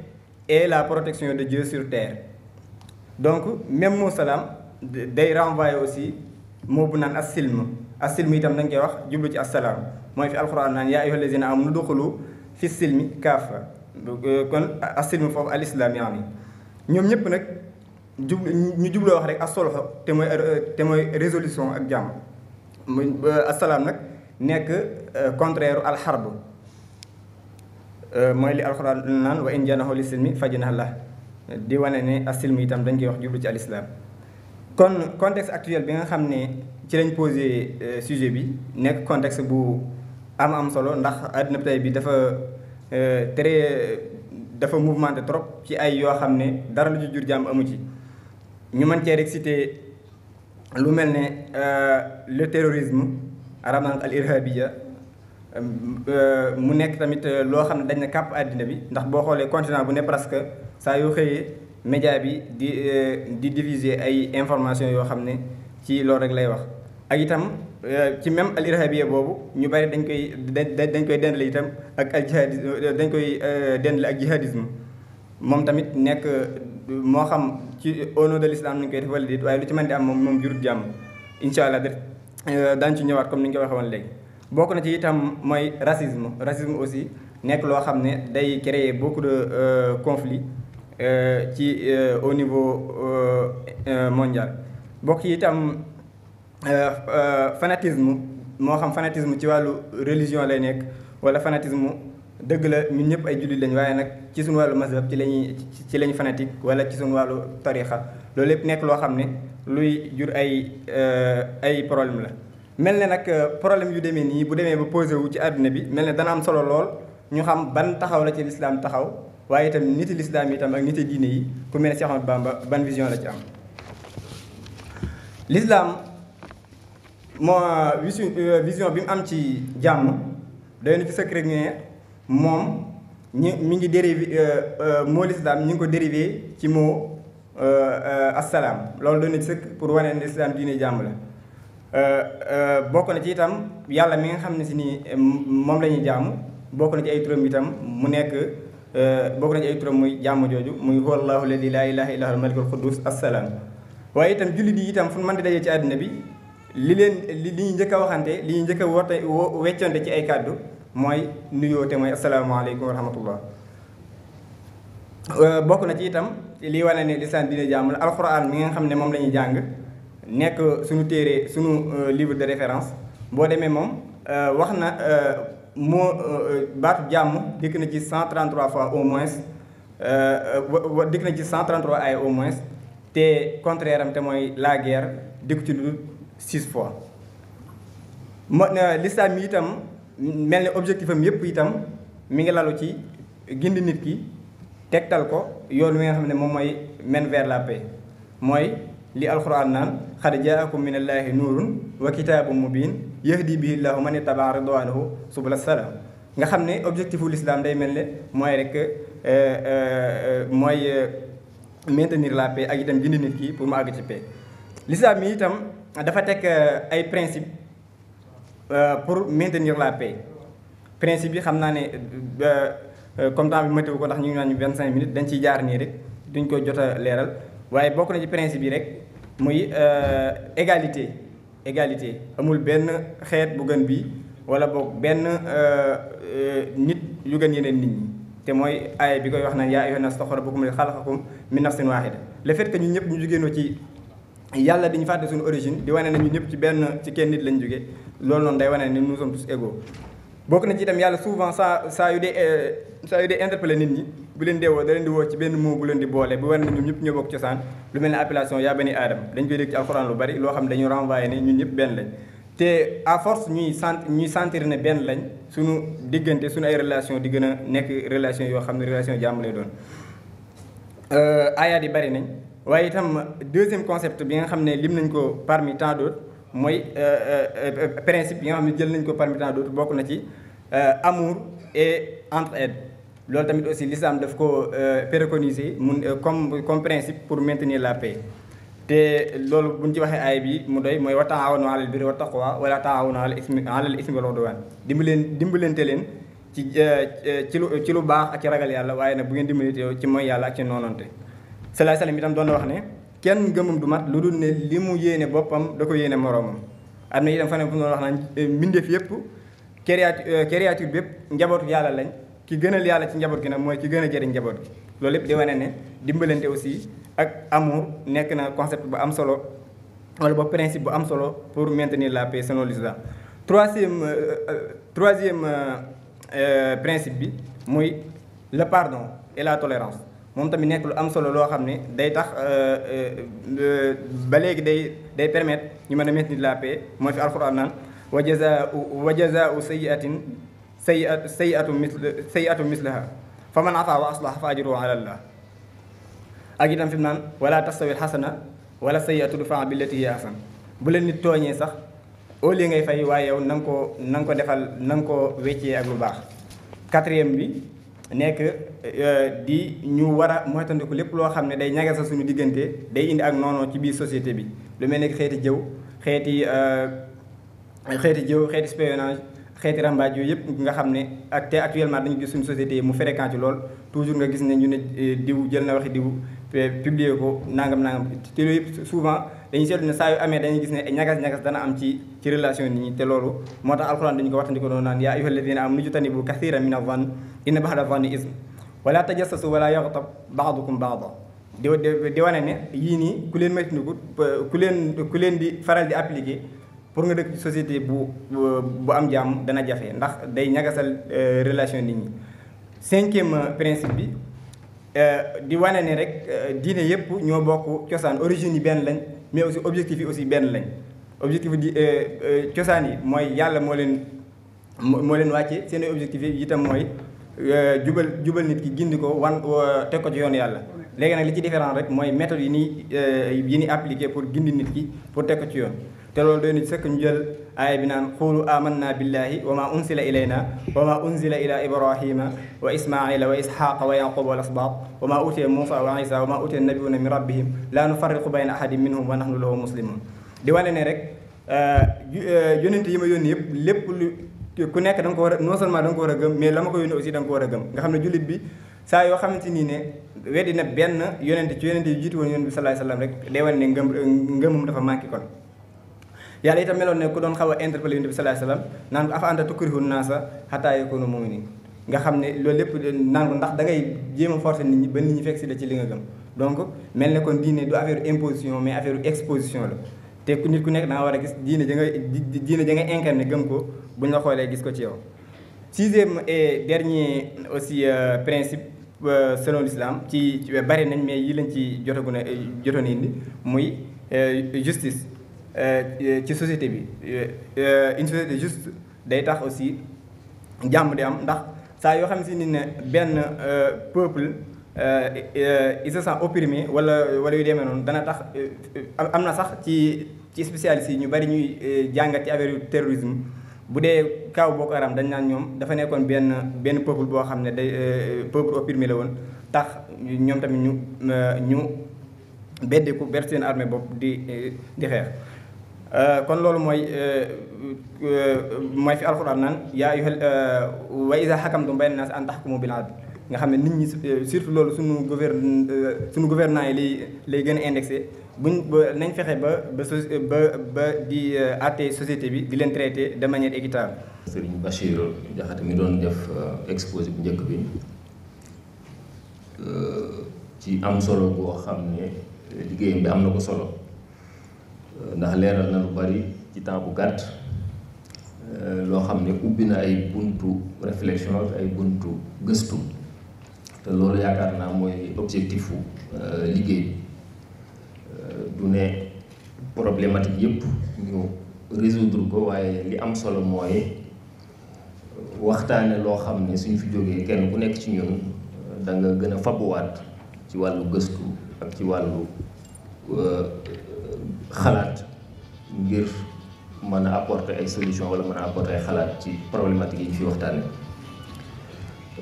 et la protection de Dieu sur terre donc même mot salaam day renvoyer aussi moo bu naan assilm assilm itam dañ koy wax jublu ci assalaam mooy fi alquran naan yaa ayyuhal lazina amanu duxulu fi silmi kaafa euh, kon assilm foofu al islam yaa ñoom ñëpp nag jub ñu jubloo wax rek asoloxo te mooy te mooy résolution ak jàmm mu euh, asalaam nag nekk euh, contraire alxarb euh, mooy li alxuraan naan wa in janahu li silmi fajinah la di wane ne asilmi itam dañ koy wax jublu ci alislaam kon contexte actuelle bi nga xam ne ci lañ posé sujet bi nekk contexte bu am am solo ndax àddina bi bi dafa très dafa mouvementé trop ci ay yoo xam ne dara lu jur jàmm amu ci ñu mën cee rek citer lu mel ne euh, le terrorisme araman al irhabiya euh, mu nekk tamit euh, loo xam ne dañ ne kàpp àddina bi ndax boo xoolee continent bu ne presque saa yu xëyee média bi di di diffuser ay information yoo xam ne ci loolu rek lay wax ak itam ci même al irhabiya boobu ñu bari dañ koy dañ koy dendale itam ak al jihadisme dañ koy dendale ak jihadisme moom tamit nekk moo xam ci au nom de l'islam nañu koy def wala déet waaye lu ci mën di am moom moom jurut jàmm incha allah euh, daan ci ñëwaat comme ni nga ko waxee woon léegi. bokk na ci itam mooy racisme racisme aussi nekk loo xam ne day créer beaucoup de euh, conflits euh, au niveau mondial bokk ci itam fanatisme moo xam fanatisme ci wàllu religion lay nekk wala fanatisme. dëgg la ñun ñëpp ay jullit lañ waaye nag ci suñu wàllu mazhab ci lañuy ci lañ fanatique wala ci suñu wàllu tarixa loolu lépp nekk loo xam ne luy jur ay euh, ay problème la mel ne nag euh, problème yu demee nii bu demee ba posé wu ci àdduna bi mel ne dana am solo lool ñu xam ban taxaw la ci lislaam taxaw waaye itam niti lislaam yi itam ak niti diine yi ku mel ne Cheikh Ahmadou Bamba ban vision la ci am lislaam moo vision euh, bi mu am ci jàmm doy na ci secret moom ñu mi ngi dérivé euh, euh, moo lislaam ñu ngi ko dérivé ci moo euh, asalaam loolu doon na sëkk pour wane ne lislaam diine jàmm la bokk na ci itam yàlla mi nga xam ne si nii moom lañuy jàmm bokk na ci ay turam itam mu nekk bokk na ci ay turam muy jaamu jooju muy huwa allahu alladi laa ilaha illa huwal malikul quddus assalaam waaye itam jullit yi itam fu mën di dajee ci àddina bi li leen li ñuy njëkk a waxante li ñu njëkk a woote weccante ci ay kàddu mooy nuyoo te mooy asalaamaaleykum wa rahmatullah euh, bokk na ci itam li wane ne lislaam diine jàmm la alxuraan mi nga xam ne moom la jàng nekk suñu téere suñu euh, livre de référence boo demee moom euh, wax na moo baatu jàmm dikk na ci 133 fois au moins wa dikk na ci 133 ay au moins te contraire am te mooy la guerre dikk ci lu 6 fois. ma lislaam yi itam. mel ne objectif am yëpp itam mi ngi lalu ci gindi nit ki tegtal ko yoon wi nga xam ne moom mooy men vers la paix mooy li alxuraan naan xad jaakum min allaahi nuurun wa kitaabun mubiin yahdi ma llaahu man ittabaa ridwaanahu subula salaam nga xam ne objectif wu lislaam day mel ne mooy rek euh, euh, mooy euh, maintenir la paix ak itam gindi nit ki pour mu àgg ci paix lislaam mi itam dafa teg ay principe Euh, pour maintenir la paix principe bi xam naa ne euh, euh, comme temps bi météo ko ndax ñu ngi naan ñu vingt cinq minutes dañ ciy jaar nii rek duñ ko jot leeral waaye bokk na ci principe yi rek muy égalité égalité amul benn xeet bu gën bi wala boog benn nit yu gën yeneen nit ñi te mooy aaya bi koy wax na yaa yoon naas taqoo rabbakum allazii xalaqakum min nafsin waahida le fait que ñun ñëpp ñu jugéenoo ci yàlla dañu fàtte suñu origine di wane ne ñu ñëpp ci benn ci kenn nit lañ jóge loolu noonu day wane ne ni sommes tous égaux bokk na ci itam yàlla souvent saa saa yu dee eh, saa yu dee interpellé nit ñi bu leen dee woo da di woo ci benn mot bu leen di boole bu wane ne ñun ñëpp ñoo bokk cosaan lu mel ne appellation yaa bani aadam dañ koy dégg ci alxuraan lu bari loo xam ne dañu renvoyé ne ñun ñëpp benn lañ te à force ñuy sant ñuy sentir ne benn lañ suñu diggante suñu ay relation di gën a nekk relation yoo xam ne relation jàmm lay doon aayaat euh, yi bari nañ waaye itam deuxième concept bi nga xam ne lim nañ ko parmi tant d'autres mooy euh, euh, principe bi nga xam ne jël nañ ko parmi tant bokk na ci amour et entraide loolu tamit aussi l'islam daf ko préconiser mun comme comme principe pour maintenir la paix te bu buñ ci waxee aay bi mu doy mooy wa taawanu alal birri wa taqwa wala taawanu alal ismi alal ismi wal udwan leen dimbalante leen ci eh, eh, ci lu ci lu baax ak ci ragal yàlla waaye nag bu ngeen di milité ci mooy yàlla ak ci noonante salaay salaam itam doon na wax ne kenn ngëmam du mat lu dul ne li mu yéene boppam da ko yéene moroomam am na itam fa ne bu doon wax naan eh, mbindeef yëpp créature bépp njabootu yàlla lañ ki gënal yàlla ci njaboot gi nag mooy ki gën a jëriñ njaboot gi loolu yëpp di wane ne dimbalante aussi ak amour nekk na concept bu am solo wala ba principe bu am solo pour maintenir la paix selon l'islam troisième euh, euh, euh, Euh, principe bi muy le pardon et la tolérance moom tamit nekk lu am solo loo xam ne day tax euh, euh, ba léegi day day permettre ñu mën a maintenir la paix mooy fi alxuraan naan wa jazaau wa jazaau sayyiatin sayyiatu sayyiatu misla sayyiatu mislaha fa man afa wa aslaha fa ajruhu ala llah ak itam fi mu naan wala tastawi alxasana wala sayyiatu dufaa billati hiya ahsan bu leen nit tooñee sax au lieu ngay fay waaye yow na nga koo na ko defal na nga koo weccee ak lu baax quatrième bi nekk euh, di ñu war a moytandiku lépp loo xam ne day ñagal sa suñu diggante day indi ak noonoo ci biir société bi lu mel ne xeeti jëw xeeti euh, xeeti jëw xeeti espionnage xeeti rambaaj yooyu yëpp nga xam ne ak te actuellement dañu gis suñu société yi mu fréquent ci lool toujours nga gis ne ñu ne euh, diw jël na waxi diw publier ko nangam nangam te loolu souvent dañu seetlu ne saa yu amee dañuy gis ne ñagas-ñagas dana am ci ci relation nit ñi te loolu moo tax alxuraan dañu ko waxtandiko doon naan yaa ayyuhal ladina amanu ijtanibu kathiran mina zanni inna ba'da zanni ism wala tajassasu wala yaghtab ba'dukum ba'dan di di wane ne yii nii ku leen maytandiku ku leen ku leen di faral di appliquer pour nga dëkk société bu bu am jàmm dana jafe ndax day ñagasal euh, relation nit ñi cinquième principe bi euh, di wane ne rek euh, diine yëpp ñoo bokk cosaan origine yi benn lañ mais aussi objectif yi aussi benn lañ objectif di euh, euh, cosaan yi mooy yàlla moo leen moo leen wàccee seen objectif yi itam mooy euh, jubal jubal nit ki gindi ko wan teg ko ci yoon yàlla léegi nag li ci différent rek mooy méthode yi ni yi ni appliqué pour gindi nit ki pour teg ko ci yoon te loolu doy na ci sëkk ñu jël aaya bi naan xuulu amanna billahi wa ma unsila ilayna wa ma unzila ila ibrahima wa ismaila wa isxaqa wa yaquba wal asbaq wa ma utiya muusa wa isa wa ma utiya nabiyuna min rabbihim la nufarriqu bayna wa ne rek euh, yónnent yi ma yónni yëpp lépp lu ku nekk da ko war a non seulement da nga ko war gëm mais la ma ko yónni aussi da nga ko war a gëm nga xam ne jullit bi saa yoo xamante nii ne weddi na benn yónnent ci yónnent yi jiitu woon yónnent bi salaay salaam rek day wane ne ngëm ngëmum dafa manqué kon yàlla itam meloon ne ku doon xaw a interpellé yonent bi sallallahu alayhi wasallam naan ko afa anta tukrihu naasa hatta yakunu mu'minin nga xam ne loolu lépp naan ko ndax da ngay jéem a forcer nit ñi ba nit ñi fekk si la ci li nga gëm donc mel ne kon diine du affaire imposition mais affaire exposition la te ku nit ku nekk da war a gis diine ja nga diine ja nga incarné gëm ko bu ñu la xoolee gis ko ci yow sixième et dernier aussi euh, principe euh, selon l'islam ci bari nañ mais yi lañ ci jotagu na jotoon indi muy euh, justice Euh, euh, ci société bi euh, une société day tax aussi jàmm de am ndax saa yoo xam si ni ne benn peuple il se sent opprimé wala wala yu demee noonu dana tax am na sax ci ci spécialistes yi ñu bari ñuy jàngat ci affaire yu terrorisme bu dee kaw Boko Haram dañ naan ñoom dafa nekkoon benn benn peuple boo xam ne day peuple opprimé la woon tax ñoom tamit ñu ñu beddeku ber seen armée bopp di di xeex Euh, kon loolu mooy euh, euh, mooy fi alxuraan naan yaa ayyuhal wa iza hakamtum bayna naas an tahkumu bil adl nga xam ne nit ñi surtout loolu suñu gouverne suñu gouvernant yi lay lay gën a indexé buñ ba nañ fexe ba ba di àtte société bi di leen traité de manière équitable. Serigne Bachir Diakhaté mi doon def exposé bu njëkk bi ci am solo boo xam ne liggéeyam bi am na ko solo. ndax leeral na lu bari ci temps bu gàtt euh, loo xam ne ubbi na ay buntu réflexion ay buntu gëstu te loolu yaakaar naa mooy objectifu euh, liggéey euh, du ne problématique yépp ñu résoudre ko waaye li am solo mooy waxtaane loo xam ne suñ fi jógee kenn ku nekk ci ñun da nga gën a fabuwaat ci wàllu gëstu ak ci wàllu xalaat ngir mën a apporter ay solution wala mën a apporter ay xalaat ci problématique yi ñu fi waxtaane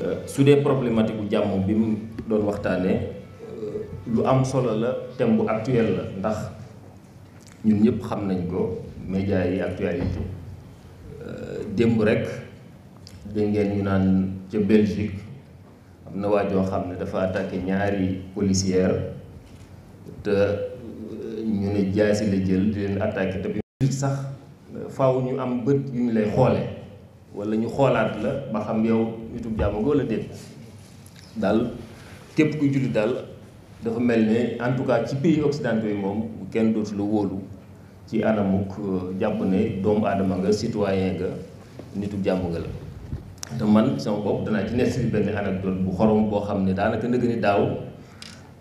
euh, su dee problématique bu jàmm bi mu doon waxtaane euh, lu am solo la thème bu actuel la ndax ñun ñëpp xam nañ ko média yi actualité euh, démb rek dégg ngeen ñu naan ca Belgique am na waajoo xam ne dafa attaqué ñaari policière te ñu ne jaasi la jël di leen attaqué te sax faaw ñu am bët yu ñu lay xoole wala ñu xoolaat la ba xam yow nitub jàmm nga wala déet daal képp ku julli dal dafa mel ne en tout cas ci pays occidentaux yi moom kenn dootu la wóolu ci anamuk euh, jàpp ne doomu aadama nga citoyen nga nitu jàmm nga la te man sama bopp danaa ci nekk si benn anecdote bu xorom boo xam ne daanaka ndëgg ni daaw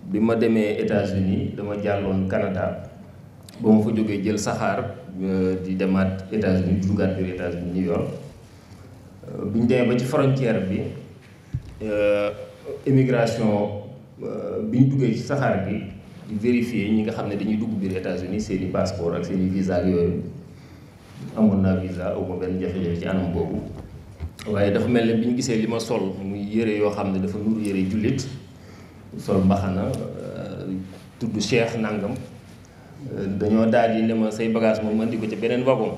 bi ma demee États-Unis dama jàlloon Canada boo ma fa jógee jël saxaar euh, di demaat États-Unis di dugaat biir États-Unis New York euh, bi ñu demee ba ci frontière bi euh, immigration bi ñu duggee ci saxaar bi di vérifier ñi nga xam ne dañuy dugg biir États-Unis seen i ak seen visa ak yooyu amoon naa visa aw ma benn jafe-jafe ci anam boobu waaye dafa mel ne bi ñu gisee li ma sol muy yére yoo xam ne dafa nuru yére jullit sol mbaxana euh, tudd Cheikh nangam dañoo daal di ne ma say bagage moom andi ko ci beneen wagon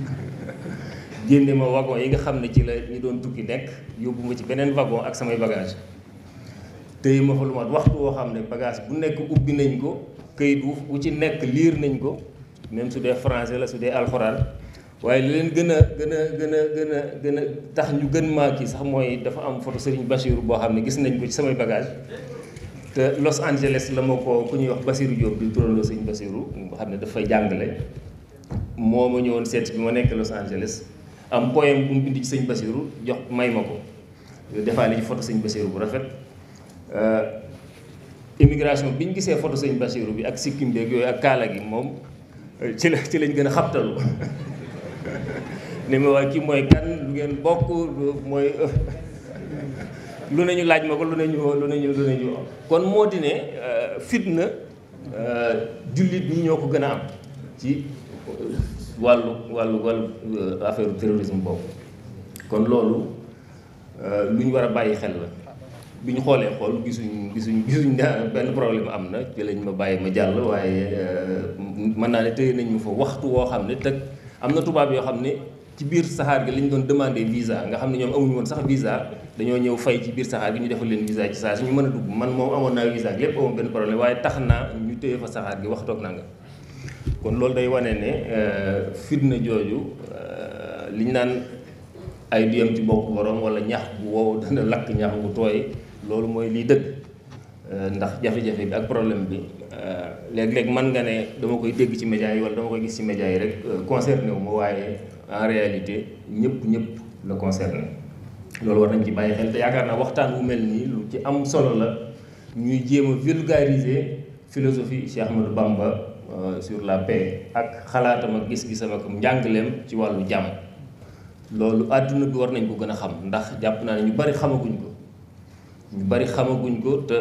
[LAUGHS] génne ma wagon yi nga xam ne ci la ñu doon tukki nekk yóbbu ma ci beneen wagon ak samay bagage tey ma fa lu mat waxtu woo xam ne bagage bu nekk ubbi nañ ko këyit wu ci nekk liir nañ ko même su dee français la su dee alxuraan waaye li leen gën a gën a gën a gën a gën a tax ñu gën maa kii sax mooy dafa am photo Serigne Bachir boo xam ne gis nañ ko ci samay bagage te Los Angeles la ma ko ku ñuy wax Basiru Diop di turandoo Serigne Basiru nga xam ne dafay jàngale moom ma ñëwoon seet bi ma nekk Los Angeles am poème bu mu bind ci Serigne Basiru jox may ma ko defaale ci photo Serigne Basiru bu rafet euh, immigration bi ñu gisee photo Serigne Basiru bi ak sikkim beeg yooyu ak kaala gi moom ci la ci lañ gën a xabtalu ne ma kii mooy kan lu ngeen bokk mooy lu nañu laaj ma ko lu nañu lu nañu lu nañu kon moo di ne euh, fitna euh, jullit ñi ñoo ko gën a am ci wàllu wàllu wàllu euh, affaire terrorisme boobu kon loolu lu ñu war a bàyyi xel la bi ñu xoolee xool gisuñ gisuñ gisuñ benn problème am na ci lañ ma bàyyi ma jàll waaye mën naa ne tëye nañ ma fa waxtu woo xam ne teg am na tubaab yoo xam ne ci biir saxaar gi lañ doon demandé visa nga xam ne ñoom amuñu woon sax visa dañoo ñëw fay ci biir saxaar gi ñu defal leen visa ci saa si ñu mën a dugg man moom amoon naa visa ak lépp amoon benn problème waaye tax naa ñu téye fa saxaar gi wax toog nanga kon loolu day wane ne euh, fitna jooju euh, liñ naan ay du ci bopp borom wala ñax bu wow [LAUGHS] dana lakk ñax bu tooy loolu mooy lii dëkk euh, ndax jafe-jafe bi ak problème bi Euh, léeg-léeg man nga ne dama koy dégg ci médias yi wala dama koy gis ci médias yi rek euh, concerné wu ma waaye en réalité ñëpp ñëpp la concerné loolu war nañ ci bàyyi xel te yaakaar na waxtaan wu mel nii lu ci am solo la ñuy jéem a vulgariser philosophie Cheikh Ahmadou Bamba euh, sur la paix ak xalaatam ak gis-gisam ak leen ci wàllu jàmm loolu àdduna bi war nañ ko gën a xam ndax jàpp naa ne ñu bari xamaguñ ko ñu bari xamaguñ ko te.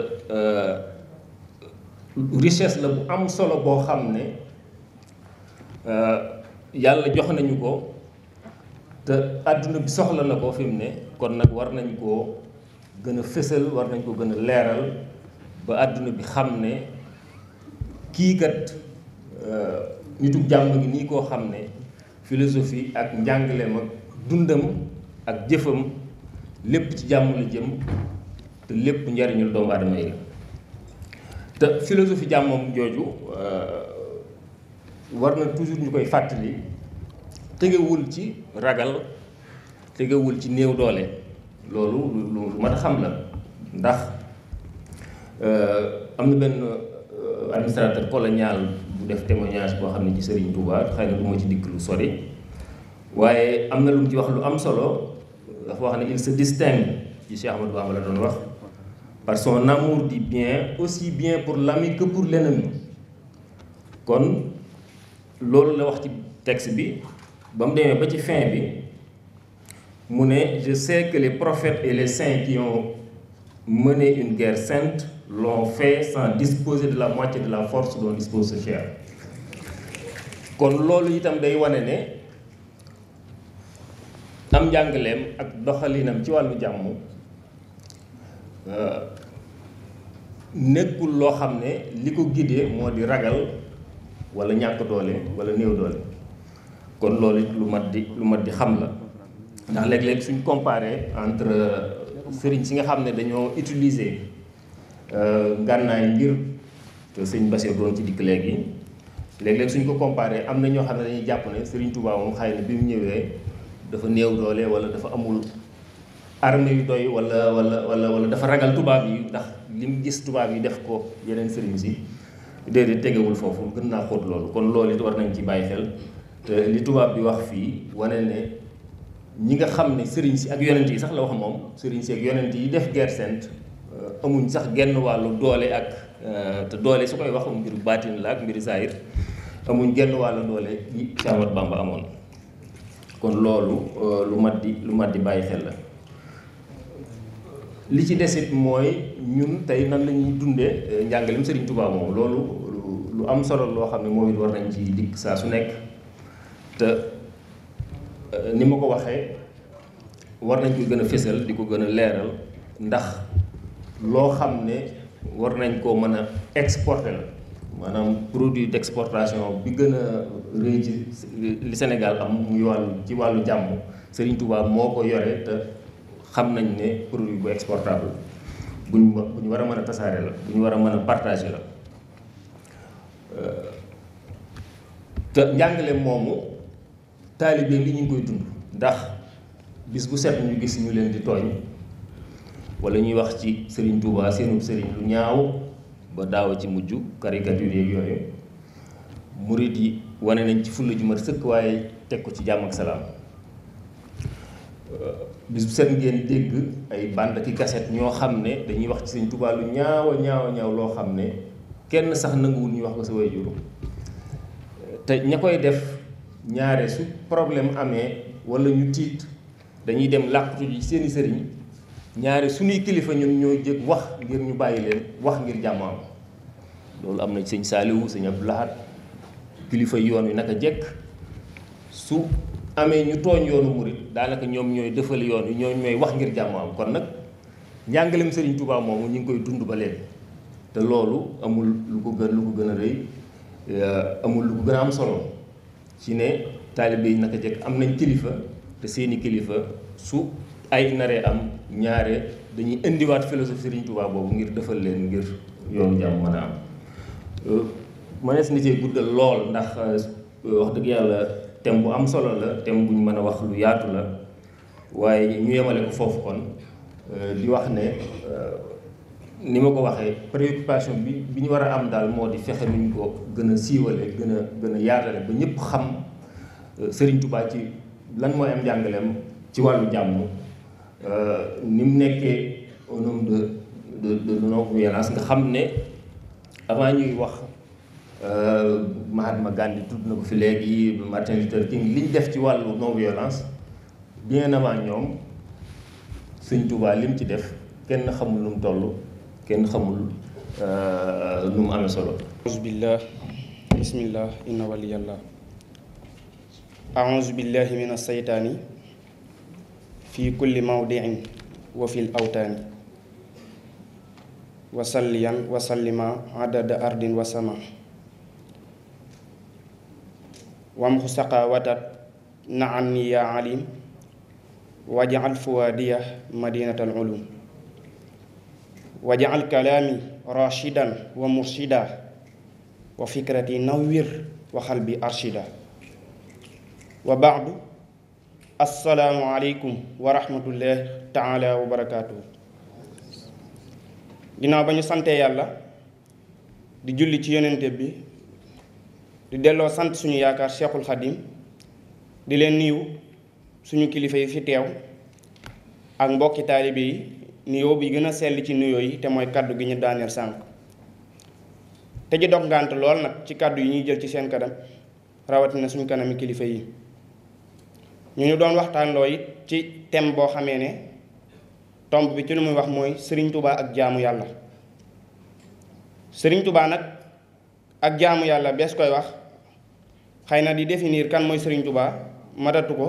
richesse la bu am solo boo xam ne euh, yàlla jox nañu ko te àdduna bi soxla na ko fi ne kon nag war nañ koo gën a fësal war nañ koo gën a leeral ba àdduna bi xam ne kii kat euh, nitug jàmm gi nii koo xam ne philosophie ak njàngaleem ak dundam ak jëfam lépp ci jàmm la jëm te lépp njariñul doomu aadama yi te philosophie jàmmoom jooju euh, war na toujours ñu koy fàttali tegewul ci ragal tegewul ci néew doole loolu lu lu mën xam la ndax euh, am na benn euh, administrateur colonial bu def témoignage boo xam ne ci Serigne Touba xëy na du ma ci dikk lu sori waaye am na lu mu ci wax lu am solo dafa wax ne il se distingue ci Cheikh Ahmadou Bamba la doon wax parce que amour di bien aussi bien pour l'ami que pour l'ennemi kon loolu la wax ci texte bi ba mu demee ba ci fin bi mu ne je sais que les prophètes et les saints qui ont mené une guerre sainte l'ont fait sans disposer de la moitié de la force dont dispose ce cher kon loolu itam day wane ne am njàngaleem ak doxalinam ci wàllu jàmm nekkul loo xam ne li ko giddee moo di ragal wala ñàkk doole wala néew doole kon loolu it lu mat di lu mat di xam la ndax léeg-léeg suñ comparé entre sëriñ si nga xam ne dañoo utiliser euh, gànnaay ngir te sëñ Bassirou doon ci dikk léegi léeg-léeg suñ ko comparé am na ñoo xam ne dañuy jàpp ne sëriñ Touba moom xëy na bi mu ñëwee dafa néew doole wala dafa amul armée yu doy wala wala wala wala dafa ragal tubaab yi ndax lim gis tubaab yi def ko yeneen service yi déedéet tegewul foofu gën naa xóot loolu kon loolu it war nañ ci bàyyi xel te li tubaab bi wax fii wane ne ñi nga xam ne sëriñ si ak yonent yi sax la wax moom sëriñ si ak yonent def guerre sainte euh, amuñ sax genn wàllu doole ak euh, te doole su koy wax mbiru baatin la ak mbiru zahir amuñ genn doole yi Cheikh Ahmadou Bamba amoon kon loolu euh, lu mat di lu mat di bàyyi xel la li ci desit mooy ñun tey nan la ñuy dundee euh, njàngaleem Serigne Touba moom loolu lu am solo loo xam ne moom it war nañ ci dikk saa su nekk te euh, ni ma ko waxee war nañ ko gën a fésal di ko gën a leeral ndax loo xam ne war nañ koo mën a exporter la maanaam produit d'exportation bi gën a rëy ci li Sénégal am muy wàllu ci wàllu jàmm sëriñ tubaab moo ko yore te. xam nañ ne produit bu exportable buñ bu war a mën a tasaare la bu ñu war a mën a partagé la euh, te njàngale moomu taalibe li ñu ngi koy dund ndax bis bu set ñu gis ñu leen di tooñ walla ñuy wax ci Serigne Touba seenub sëriñ lu ñaaw ba daaw ci mujj caricature yeeg yooyu murid yi wane nañ ci fulla ju mat sëkk waaye teg ko ci jàmm ak salaam euh, bis bu set ngeen dégg ay bànd ki kaset ñoo xam ne dañuy wax ci Sëñ Tuubaa lu ñaaw a ñaaw loo xam ne kenn sax nanguwul ñu wax ko sa waajur te ña koy def ñaare su problème amee wala ñu tiit dañuy dem làqatu ji seeni sëriñ ñaare suñuy kilifa ñun ñoo jëkk wax ngir ñu bàyyi leen wax ngir jàmm loolu am na sëñ Saaliwu sëñ Abdou Lahad kilifa yoon wi naka jekk su amee ñu tooñ yoonu murit daanaka ñoom ñooy defal yoon yi ñoom ñooy wax ngir jàmm kon nag njàngalem Serigne Touba moom ñu ngi koy dund ba léegi te loolu amul lu ko gën lu gën a rëy euh, amul lu gën a am solo ci ne taalibe yi naka jëkk am nañ kilifa te seeni kilifa su ay naree am ñaare dañuy indiwaat philosophie Serigne Touba boobu ngir defal leen ngir yoonu jàmm mën a am euh, mënees na guddal lool ndax euh, wax dëgg yàlla. thème bu am solo la thème bu ñu mën a wax lu yaatu la waaye ñu yemale ko foofu kon euh, di wax ne euh, ni ma ko waxee préoccupation bi bi ñu war a am daal moo di fexe nuñ ko gën a siiwale gën a gën a yaatale ba ñëpp xam euh, sëriñ Touba ci lan mooy am njàngaleem ci wàllu jàmm ni mu nekkee au nom de de de non violence nga xam ne avant ñuy wax. Euh, Mahatma Gandhi tudd na ko fi léegi Martin Luther King liñ def ci wàllu non violence bien avant ñoom Sëñ Tuubaa lim ci def kenn xamul lu mu toll kenn xamul lu euh, amee solo. alhamdulilah bismillah inna waliyallah أعوذ بالله من الشيطان في كل موضع وفي الأوتان وصليا وسلما wamxu saqaawatat naan yaa alim wajal fuwaadiya madinatal ulum wajal kalaami rashidan wa murshida wa fikrati nawwir wa xalbi arshida wa baadu assalaamu aleykum wa rahmatullahi taala wa barakaatuhu ginnaaw ba ñu sante yàlla di julli ci yonente bi di delloo sant suñu yaakaar Cheikhul Khadim di leen nuyu suñu kilifa yi fi teew ak mbokki taalibe yi nuyoo bi gën a sell ci nuyoo yi te mooy kàddu gi ñu daaneel sànq te ji dog ngànt lool nag ci kàddu yi ñuy jël ci seen kanam rawatina suñu kanami kilifa yi ñu ñu doon waxtaan it ci thème boo xamee ne tomb bi ci lu muy wax mooy sëriñ tubaa ak jaamu yàlla Serigne Touba nag ak jaamu yàlla bees koy wax xay na di définir kan mooy Serigne Touba matatu ko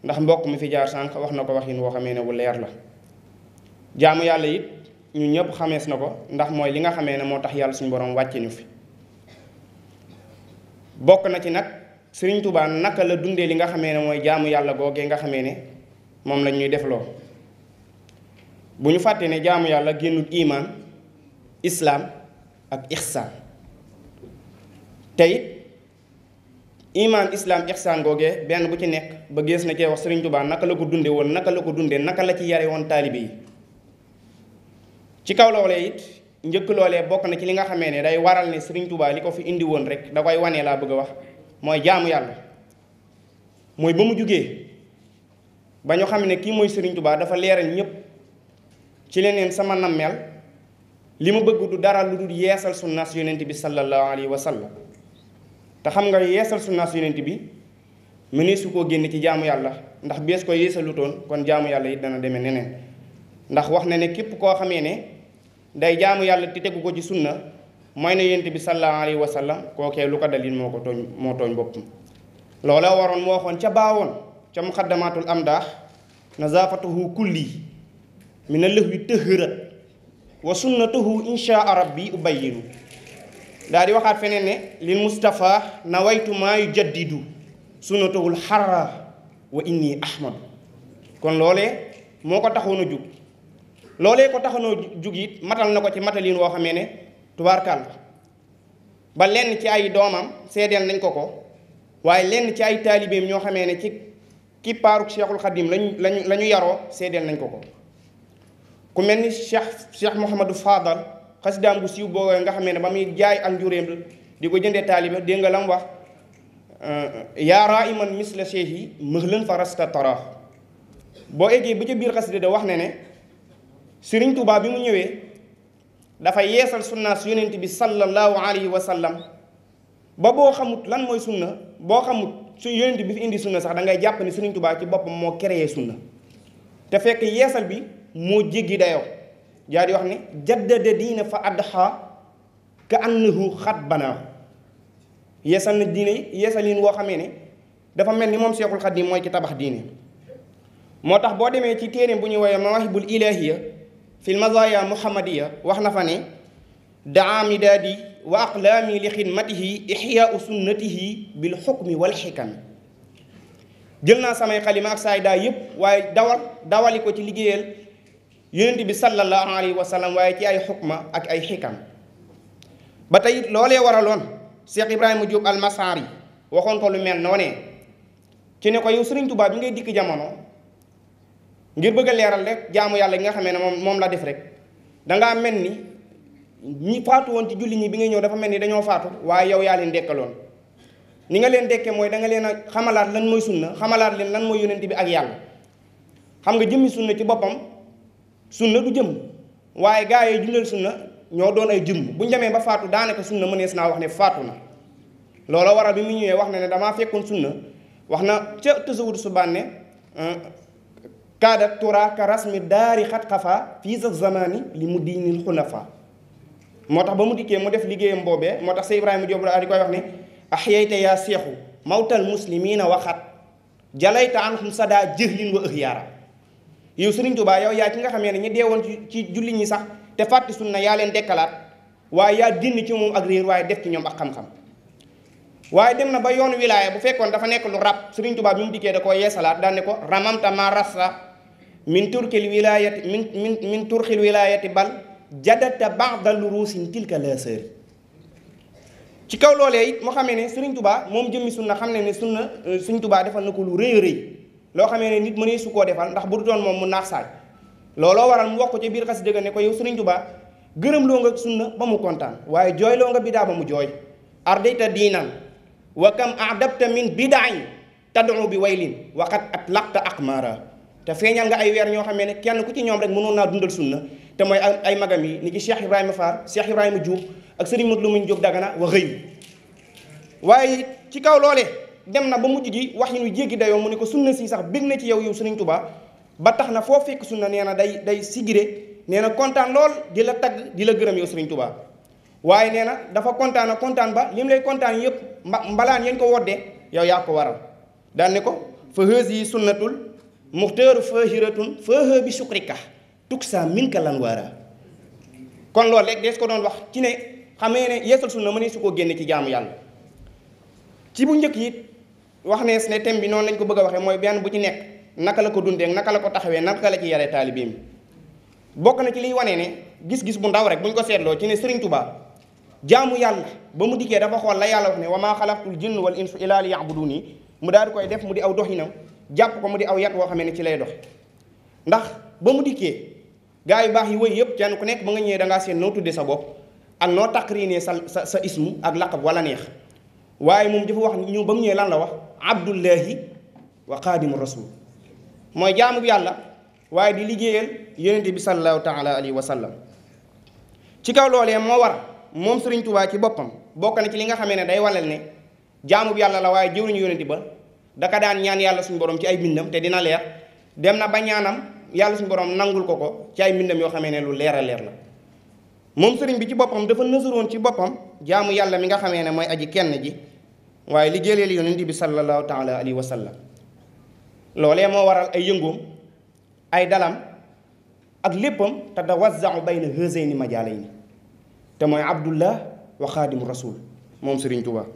ndax mbokk mi fi jaar sànq wax na ko waxin woo xamee ne wu leer la jaamu yàlla it ñu ñëpp xamees na ko ndax mooy li nga xamee ne moo tax yàlla suñu borom wàcce fi bokk na ci nag Serigne Touba naka la dundee li nga xamee ne mooy jaamu yàlla googee nga xamee ne moom lañ ñuy defloo bu ñu fàtte ne jaamu yàlla génnul imaan islaam ak ixsaan te imaan islam ihsan googee benn bu ci nekk ba gées na cee wax Serigne Touba naka la ko dunde woon naka la ko dundee naka la ci yare woon taalibe yi ci kaw loolee it njëkk loolee bokk na ci li nga xamee ne day waral ne Serigne Touba li ko fi indi woon rek da koy wanee laa bëgg a wax mooy jaamu yàlla mooy ba mu jógee ba ñu xam ne kii mooy Serigne Touba dafa leeral ñépp ci leneen sama nammeel li ma bëgg du dara lu dul yeesal sunnas yonent bi sallallahu alayhi wa sallam te xam nga yeesal sunna su yonent bi mënee su koo génn ci jaamu yàlla ndax bees ko yeesalutoon kon jaamu yàlla yi dana demee neneen ndax wax na ne képp koo xamee ne day jaamu yàlla te tegu ko ci sunna mooy na yonent bi sallallahu alayhi wa sallam kookee lu ko dalil moo ko tooñ moo tooñ boppam loola waroon moo waxoon ca baawoon ca muqaddamatul amdaax nazaafatuhu kulli mina lëx yu tëhërat wa sunnatuhu insha rabbi ubayyinu daa di waxaat feneen ne lil Mustafa nawaytu maa yu jaddidu sunnatahul xarra wa inni ahmadu kon loole moo ko taxoon a jug loolee ko taxanoo a jug it matal na ko ci matalin woo xamee ne tubaarkàll ba lenn ci ay doomam seedeel nañ ko ko waaye lenn ci ay taalibeem ñoo xamee ne ci ki paaruk cheikhul xadim lañu lañu la ñu yaroo seedeel nañ ko ko ku mel ni cheikh cheikh mouhamadou fadal xasidaam gu siiw boo nga xam ne ba muy jaay ak njuréem di ko jëndee taaliba dégg nga lam wax euh, yaa raiman misla cheikhi mahlan farasta taraax boo eggee ba ca biir xasida da wax ne ne Sëriñ Tuubaa bi mu ñëwee dafa yeesal sunna su yonent bi sallallahu alayhi wa sallam ba boo xamut lan mooy sunna boo xamut su yonent bi fi indi sunna sax da ngay jàpp ne Sëriñ Tuubaa ci boppam moo créé sunna te fekk yeesal bi moo jéggi dayoo yaa di wax ne jaddada diina fa adxa ka annahu xat banaahu yeesal na diine yeesalin woo xamee ne dafa mel ni moom Seexul Xadiim mooy ci tabax diine moo tax boo demee ci téere bu ñu woowee mawahibul ilahiya fil mazaya muhammadiya wax na fa ne daa midaadi wa aqlaami li xidmatihi ixyaau sunnatihi bil xukmi wal xikami jël naa samay xalima ak saay daa yëpp waaye dawal dawali ko ci liggéeyal yonent bi sallallahu alayhi wa sallam waaye ci ay xukma ak ay xikam ba tey it loolee waraloon Cheikh Ibrahima Diop almasaar yi waxoon ko lu mel noonee ci ne ko yow Serigne Touba bi ngay dikk jamono ngir bëgg a leeral rek jaamu yàlla gi nga xamee ne moom moom la def rek dangaa mel ni ñi faatu woon ci julli ñi bi ngay ñëw dafa mel ni dañoo faatu waaye yow yaa leen dekkaloon ni nga leen dekke mooy da nga leen a xamalaat lan mooy sunna xamalaat leen lan mooy yonent bi ak yàlla xam nga jëmmi sunna ci boppam sunna du jëm waaye gars yi julleen sunna ñoo doon ay jëmm bu ñu ba faatu daanaka sunna mënees naa wax ne faatu na looloo waral bi mu ñëwee wax na ne damaa fekkoon sunna wax na ca tësawut su bànne kaada tura ka rasmi daari xat xafa fii sa zamani li mu diinil xunafa moo tax ba mu dikkee mu def liggéeyam boobee moo tax sa Ibrahima Diop daal di koy wax ne axyayta yaa seexu mawtal muslimina waxat jalayta anhum sada jëhlin wa ëx yaara yow Serigne Touba yow yaa ci nga xamee ne ñi deewoon ci ci julli ñi sax te fàtte sunna yaa leen dekkalaat waaye yaa dindi ci moom ak réer waaye def ci ñoom ak xam-xam waaye dem na ba yoon wilaaya bu fekkoon dafa nekk lu rab Serigne Touba bi mu dikkee da koo yeesalaat daan ko ramamta ma rasta min turkil wilaayati min min min turkil wilaayati bal jadata ba'da lurusin tilka la sëri ci kaw loolee it moo xamee ne Serigne Touba moom jëmmi na xam ne suñ sunna euh, Serigne Touba defal na ko lu rëy loo xamee ne nit mënee su koo defal ndax bu du doon moom mu naax saay looloo waral mu wax ca biir xas dëgg ne ko yow Sëriñ Tuubaa gërëm loo nga sunna ba mu kontaan waaye jooy loo nga bidaa ba mu jooy ardayta diinan wa kam adabta min bidain tad'u bi waylin waqad ak aqmara te feeñal nga ay weer ñoo xamee ne kenn ku ci ñoom rek mënoon naa dundal sunna te mooy ay magam yi ni ki Cheikh Ibrahima Fall Cheikh Ibrahima Diouf ak Sëriñ Modou Lamine Diop Dagana wa rëyu waaye ci kaw loolee dem na ba mujj gi wax yi nu jéggi dayoo mu ne ko sunna si sax bég na ci yow yow Sëriñ Tuubaa ba tax na foo fekk sunna nee na day day sigire nee na kontaan lool di la tagg di la gërëm yow Sëriñ Tuubaa waaye nee na dafa kontaan kontaan ba lim lay kontaan yëpp mbalaan yañ ko woddee yow yaa ko waral daan ne ko fa hëes yi sunnatul muxtaaru fahiratun bi sukrika tuksa saa ka lan waara kon loolu rek dees ko doon wax ci ne xamee ne yeesal sunna mënee su koo génne ci jaamu yàlla wax nees ne thème bi noonu lañ ko bëgg a mooy benn bu ci nekk naka la ko dundee naka la ko taxawee naka la ci yare taalibe mi bokk na ci liy wanee ne gis-gis bu ndaw rek buñ ko seetloo ci ne Sëriñ Tuubaa jaamu yàlla ba mu dikkee dafa xool la yàlla wax ne wa maa xalaqtul jinn wal insa illaa liya'buduuni mu daal di koy def mu di aw doxinam jàpp ko mu di aw yat woo xamee ne ci lay dox ndax ba mu dikkee gaa yu baax yi wëy yëpp kenn ku nekk ba nga ñëwee da ngaa seen tuddee sa bopp ak noo taqriinee sa sa sa ismu ak laqab wala neex waaye moom dafa wax ñu ba mu ñëwee lan la wax abdullahi wa xaadimu rasul mooy jaamu bi yàlla waaye di liggéeyal yonente bi sallallahu taala alayhi wa sallam ci kaw loolee moo war moom Sëriñ Tuubaa ci boppam bokk na ci li nga xamee ne day walal ne jaamu bi yàlla la waaye jëwriñu yonente ba daka daan ñaan yàlla suñu borom ci ay mbindam te dina leer dem na ba ñaanam yàlla suñu borom nangul ko ko ci ay mbindam yoo xamee ne lu leer a leer la moom sëriñ bi ci boppam dafa nësaroon ci boppam jaamu yàlla mi nga xamee ne mooy aji kenn ji waaye li jëleel yonent bi sallallahu taala alayhi wa sallam loole moo waral ay yëngoom ay dalam ak léppam te na wazzau bayna hëseyni majaalayni te mooy abdullah wa xaadimu rasul moom sëriñ Tuubaa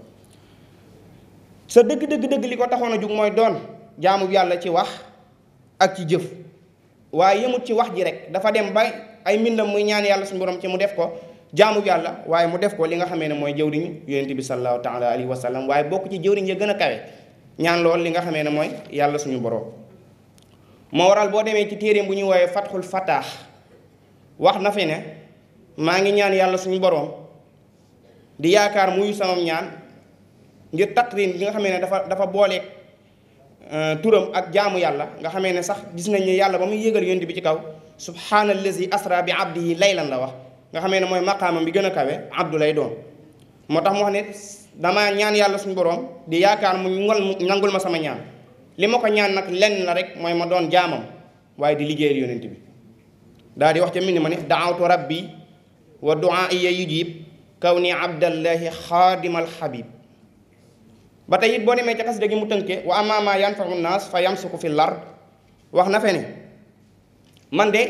sa dëgg-dëgg-dëgg li ko taxoon a jug mooy doon jaamu yàlla ci wax ak ci jëf waaye yëmut ci wax ji rek dafa dem bay ay mbindam muy ñaan yàlla suñu borom ci mu def ko jaamu yàlla waaye mu def ko li nga xamee ne mooy jëwriñ yonente bi sallallahu taala alayhi wa sallam waaye bokk ci jëwriñ ya gën a kawe ñaan lool li nga xamee ne mooy yàlla suñu borom moo waral boo demee ci téeréem bu ñuy woowee fatxul fataax wax na fi ne maa ngi ñaan yàlla suñu boroom di yaakaar muyu samam ñaan ngir tatrin bi nga xame ne dafa dafa booleeg euh, turam ak jaamu yàlla nga xamee ne sax gis nañ ne yàlla ba muy yëgal yonente bi ci kaw subhaanallazi asra bi abdihi laylan la wax nga xamee ne mooy maqaamam bi gën a kawe abdu lay doon moo tax mu wax ne dama ñaan yàlla suñu borom di yaakaar mu ngol nangul ma sama ñaan li ma ko ñaan nag lenn la rek mooy ma doon jaamam waaye di liggéeyal yonent bi daal di wax ca mbind ma ne daawtu rabbi wa duaa iya yujib kaw ni abdallahi xaadimal xabib ba tey it boo demee ca xasida gi mu tënke wa amaama yanfaru naas fa yamsuku fi lard wax na fe man de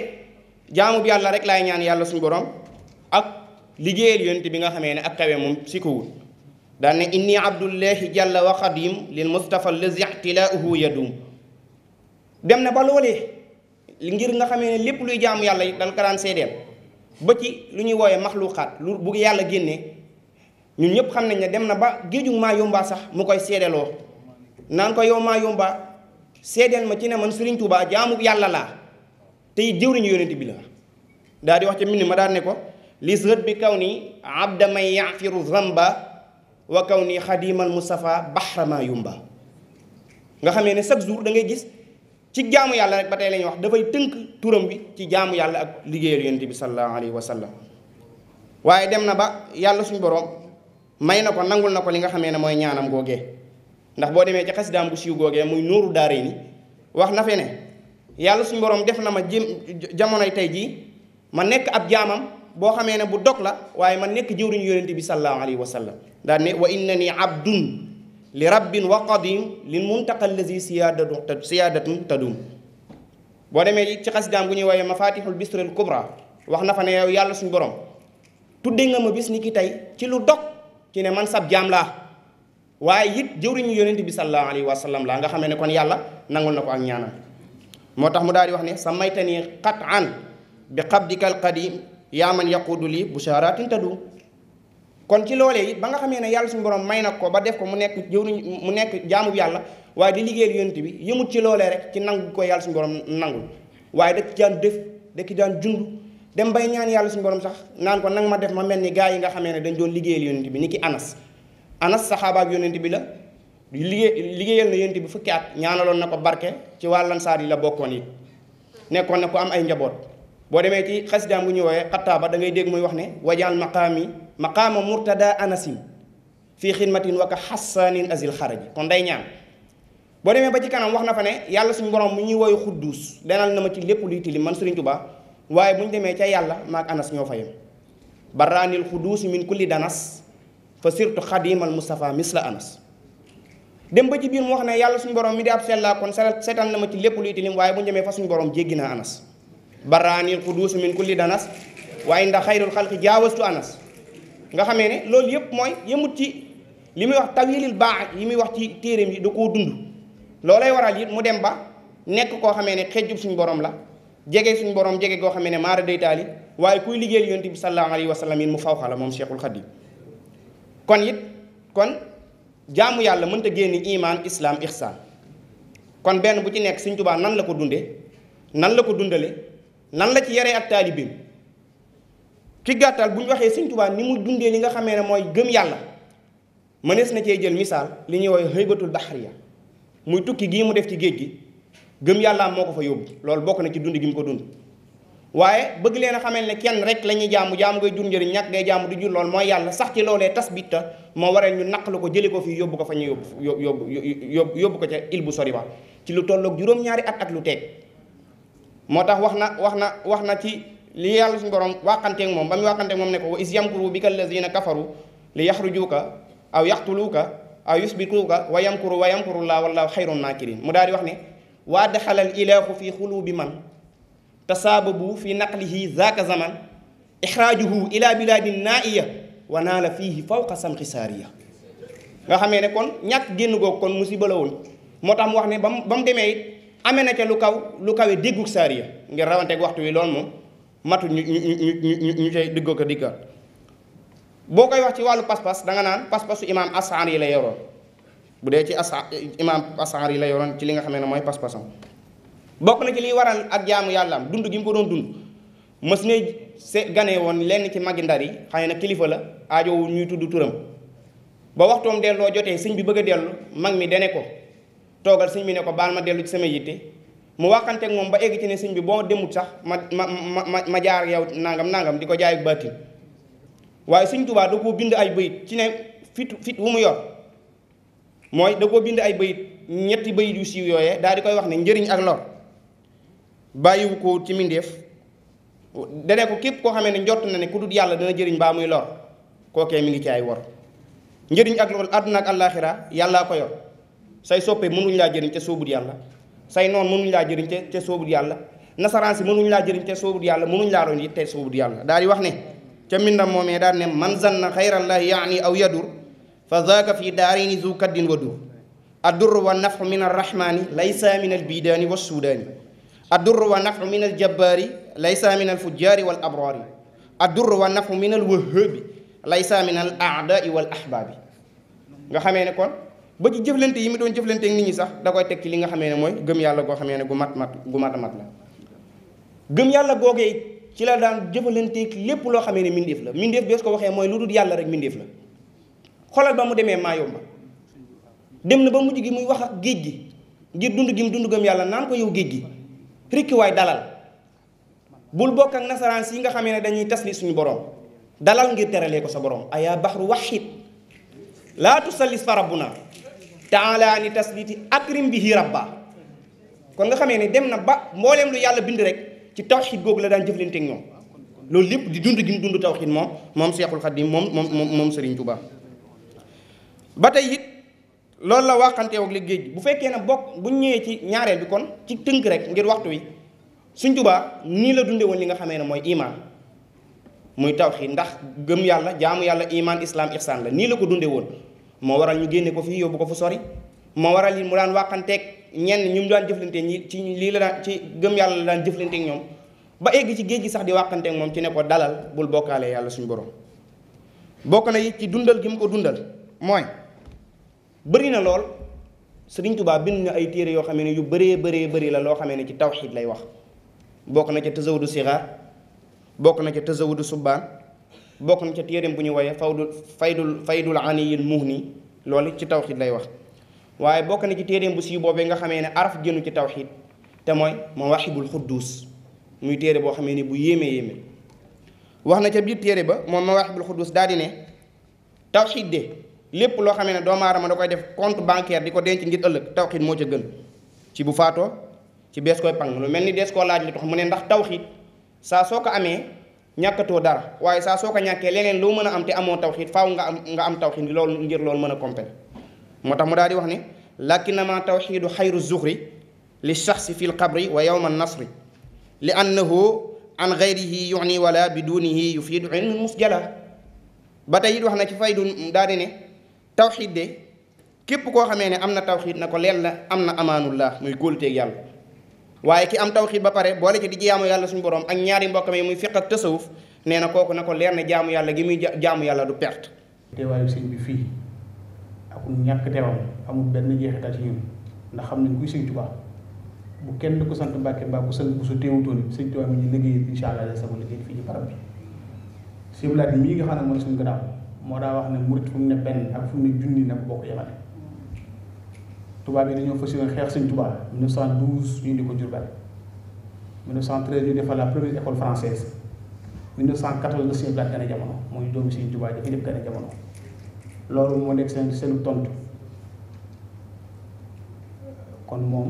jaamu bi yàlla rek laay ñaan yàlla suñu borom ak liggéeyal yonent bi nga xamee ne ak kawe moom si ko wut daan ne inni abdullahi jalla wa xadim lil mustafa lazi ixtilaauhu yadum dem na ba loolee ngir nga xamee ne lépp luy jaamu yàlla yi dal ko daan seedeel ba ci lu ñuy wooyee maxluqaat lu bu yàlla génnee ñun ñëpp xam nañ ne dem na ba géejug maa yombaa sax mu koy seedeloo naan ko yow maa yombaa seedeel ma ci ne man Sëriñ Tuubaa jaamu yàlla laa tey jëwriñu yonent bi la daa di wax ci mbind ma daan ne ko li sët bi kaw nii abda man yafiru zamba wa kaw nii xadimal mustafa bahrama yumba nga xamee ne chaque jour da ngay gis ci jaamu yàlla rek ba tey la wax dafay tënk turam bi ci jaamu yàlla ak liggéeyal yonent bi sallallahu alayhi wa sallam waaye dem na ba yàlla suñu borom may na ko nangul na ko li nga xamee ne mooy ñaanam googee ndax boo demee ci xasidaam bu siiw googee muy nuuru daare ni wax na fe yàlla suñu borom def na ma jëm jamonoy tey jii ma nekk ab jaamam boo xamee ne bu dog la waaye ma nekk jëwriñu yonente bi sallallahu alayhi wa sallam daan ne wa inna ni abdun li rabbin wa qadim lil muntaqa allazi siyaadatu siyaadatun boo demee ci xasidaam bu ñuy woowee mafatihul bistril kubra wax na fa ne yow yàlla suñu borom tudde nga ma bis ni ki tey ci lu dog ci ne man sab jaam laa waaye it jëwriñu yonente bi sallallahu alayhi wa sallam laa nga xamee ne kon yàlla nangul na ko ak ñaanam moo tax mu daal di wax ne sa samaytanii qat'an bi qabdika alqadim yaa man yaquudu lii bushaaraatin tadu kon ci loolee it ba nga xamee ne yàlla suñu borom may na ko ba def ko mu nekk jëwriñ mu nekk jaamu yàlla waaye di liggéeyal yonent bi yëmut ci loolee rek ci nangu ko yàlla suñu borom nangul waaye da ci daan def da ci daan jund dem bay ñaan yàlla suñu borom sax naan ko nang ma def ma mel ni gaa yi nga xamee ne dañ doon liggéeyal yonent bi ni ki anas anas saxaabaab yonent bi la liggéey liggéeyal na yonent bi fukki at ñaanaloon na ko barke ci waa lansaar yi la bokkoon it nekkoon na ko am ay njaboot boo demee ci xasidaam bu ñu woowee xattaaba da ngay dégg muy wax ne wajaal maqaami maqaama murtada anasin fii xidmatin wa ka xassaanin asil xaraji kon day ñaan boo demee ba ci kanam wax na fa ne yàlla suñu borom mu ñuy woy xudduus denal na ma ci lépp luy tilim man Sëriñ Tuubaa waaye bu ñu demee ca yàlla maak anas ñoo fa yem baraanil xudduus min kulli danas fa sirtu xadimal Mustafa misla anas dem ba ci biir mu wax na yàlla suñu borom mi di ab sellaa kon seetaan na ma ci lépp luy tilim waaye bu njamee fa suñu borom jéggi naa anas baraanil quduus min kulli danas waaye ndax xayrul xalqi jaawastu anas nga xamee ne loolu yëpp mooy yëmut ci li muy wax tawilil baax yi muy wax ci téeréem yi da koo dund loolay waral it mu dem ba nekk koo xamee ne xejjub suñu borom la jege suñu borom jege goo xamee ne maara daytaali waaye kuy liggéeyal yonent bi sallallahu alayhi wa sallam mu fawxa moom cheikhul xadim kon it kon jaamu yàlla mënta génn imaan islaam ihsaan kon benn bu ci nekk Sëñ Tuubaa nan la ko dunde nan la ko dundale nan la ci yaree ak taalibeem ci gàttal bu ñu waxee Sëñ Tuubaa ni mu dundee li nga xamee ne mooy gëm yàlla mënees na cee jël misaal li ñuy woowee xëybatul baxariya muy tukki gii mu def ci géej gi gëm yàlla moo ko fa yóbbu loolu bokk na ci dund gi mu ko dund waaye bëgg leen a xamal ne kenn rek la ñuy jaamu jaamu ngay jur njëriñ ñàkk ngay jaamu du jur lool mooy yàlla sax ci loolee tasbit ta moo waral ñu naqalu ko jëlee ko fii yóbbu ko fa ñu yóbbu yóbbu yóbbu ko ca il bu sori ba ci lu tolloog juróom-ñaari at ak lu teeg moo tax wax na wax na wax na ci li yàlla suñu borom waxanteeg moom ba mu waxanteeg moom ne ko wa is yamkuru bika allazina kafaru li yaxrujuuka aw yaxtuluuka aw yusbituuka wa yamkuru wa yamkuru laa wallaahu xayrun naakirin mu daal di wax ne waa daxalal ilaahu fi xulubi man tasaababu fi naqlihi zaaka zaman ixraajuhu ila bilaadin naaiya wa naala fiihi fawqa samxi saariya nga xamee ne kon ñàkk génn googu kon musiba la woon moo tax mu wax ne ba mu ba mu demee it amee na ca lu kaw lu kawe déggug saariya ngir rawanteeg waxtu wi loolu moom matu ñu ñu ñu ñu ñu cay diggoo ko diggaat boo koy wax ci wàllu pas-pas danga naan pas-pasu imaam Ash'ari yi la yoroon bu dee ci Ash'ari imaam Ash'ari yi la yoroon ci li nga xamee ne mooy pas-pasam. bokk na ci liy waral ak jaamu yàlla am dund gi mu ko doon dund mës ne se ganee woon lenn ci magi ndar yi xëy na kilifa la aajowu ñuy tudd turam ba waxtoom delloo jotee sëñ bi bëgg a dellu mag mi dene ko toogal sëñ bi ne ko baal ma dellu ci sama yitte mu waxante ak moom ba egg ci ne sëñ bi boo demut sax ma ma ma ma jaar yow nangam nangam di ko jaay baatin waaye sëñ Tuubaa da koo bind ay bayit ci ne fit fit wu mu yor mooy da koo bind ay bayit ñetti bayit yu siiw yooyee daal di koy wax ne njëriñ ak lor bàyyiwu ko ci mindeef dane ko képp koo xamee ne njott na ne ku dut yàlla dana jëriñ baa muy lor kookee mi ngi ci ay wor njëriñ ak loolu àdduna ak àllaaxira yàllaa ko yor say soppe mënuñ laa jëriñ te soobut yàlla say noon mënuñ laa jëriñ te te soobut yàlla nasaraan si mënuñ laa jëriñ ca soobut yàlla mënuñ laa roñ it te soobut yàlla daal di wax ne ca mbindam moomee daal ne man zanna xayrallaahi yaani aw yadur fa zaaka fii daarini zu kaddin wa dur adur wa nafxu min arrahmani laysa min albidaani wa suudaani addurru wa nafu min aljabbaari laysa min alfujjaari wal abraari addurru wa nafu min alwahaabi laysa min al aadaai wal ahbaabi nga xamee ne kon ba ci jëflante yi mu doon jëflante ak nit ñi sax da koy teg ci li nga xamee ne mooy gëm yàlla goo xamee ne gu mat mat gu mat a mat yàlla googee ci la daan jëfalanteeg lépp loo xamee ne mindeef la mindeef bi ko waxee mooy lu dul yàlla rek mindeef la xoolal ba mu demee Maayomba dem na ba mujj gi muy wax ak géej gi ngir dund gi mu dund gëm yàlla naan ko yow géej gi rikki waay dalal bul bokk ak nasaraan si nga xame ne dañuy tasli suñu borom dalal ngir terale ko sa borom ayaa baxru waxit laa tusallis fa rabbuna taala ni tasliti akrim bihi rabba kon nga xamee ne dem na ba mbooleem lu yàlla bind rek ci tawxid googu la daan jëflante ak ñoom loolu lépp di dund gi mu dund tawxid moom moom Seexul Xadiim moom moom moom Sëriñ Tuubaa ba tey it loolu la waxantee ak li géej bu fekkee ne bokk bu ñëwee ci ñaareel bi kon ci tënk rek ngir waxtu wi suñ Tuubaa nii la dunde woon li nga xamee ne mooy imaan muy taw tawhiid ndax gëm yàlla jaamu yàlla imaan islaam ihsaan la nii la ko dunde woon moo waral ñu génne ko fii yóbbu ko fu sori moo waral yi mu daan waxanteeg ñenn ñu mu daan jëflante ñi ci lii la daan ci gëm yàlla la daan jëflanteeg ñoom ba egg ci géej gi sax di waxanteeg moom ci ne ko dalal bul bokkaale yàlla suñu borom bokk na yi dundal gi ko dundal bëri na lool Sëriñ tubaab bind na ay téere yoo xamee ne yu bëree bëree bëri la loo xamee ne ci tawxiid lay wax bokk na ca tazawudu sigaar bokk na ca tazawudu subbaan bokk na ca téereem bu ñu woyee fawdul faydul faydul aniyil muhni loolu ci tawxiid lay wax waaye bokk na ci téereem bu siiw boobee nga xamee ne araf génnu ci tawxiid te mooy mawaahibul xudduus muy téere boo xamee ni bu yéeme yéeme wax na ca biir téere ba moom mawaahibul xudduus daal di ne tawxiid de lépp loo xamee ne doomu aadama da koy def compte bancaire di ko denc ngir ëllëg tawxiid moo ca gën ci bu faatoo ci bees koy pang lu mel ni dees koo laaj lu tax mu ne ndax tawxiid saa soo ko amee ñàkkatoo dara waaye saa soo ko ñàkkee leneen loo mën a am te amoo tawxiid faw nga am nga am tawxiid lool ngir loolu mën a compété moo tax mu daal di wax ne lakinama tawxiidu xayru zuxri li shaxsi fi lqabri wa yowma nasri li annahu an gayrihi yuni wala bidunihi yufiidu ilmi musjala ba tey it wax na ci faydu daa di ne tawxiid de képp koo xamee ne am na tawxiid na ko leen la am na amaanullah muy góolteeg yàlla waaye ki am tawxiid ba pare boole ci di jaamu yàlla suñu borom ak ñaari mbokkam muy fiq ak tasawuf kooku na ko leer ne jaamu yàlla gi muy jaamu yàlla du perte. teewaayu sëñ bi fii ak ñàkk teewam amul benn jeexital ci ñun ndax xam nañ kuy sëñ Tuubaa bu kenn ko sant Mbàkke mbaa ku sant bu su teewutoon sëñ Tuubaa mi ñu liggéey incha allah sama liggéey fii ci barab bi. sëñ Laat mii nga xam ne mooy suñu gannaaw. moo daa wax ne murit fu mu ne benn ak fu mu ne junni na ko bokk tubaab yi dañoo fas yéene xeex si sëñ tubaab 1912 ñu indi ko Jurbel 1913 ñu defal la première école française 1914 la sëñ Blaat gane jamono mooy doomu sëñ tubaab yi def gane jamono loolu moo nekk seen seen tontu kon moom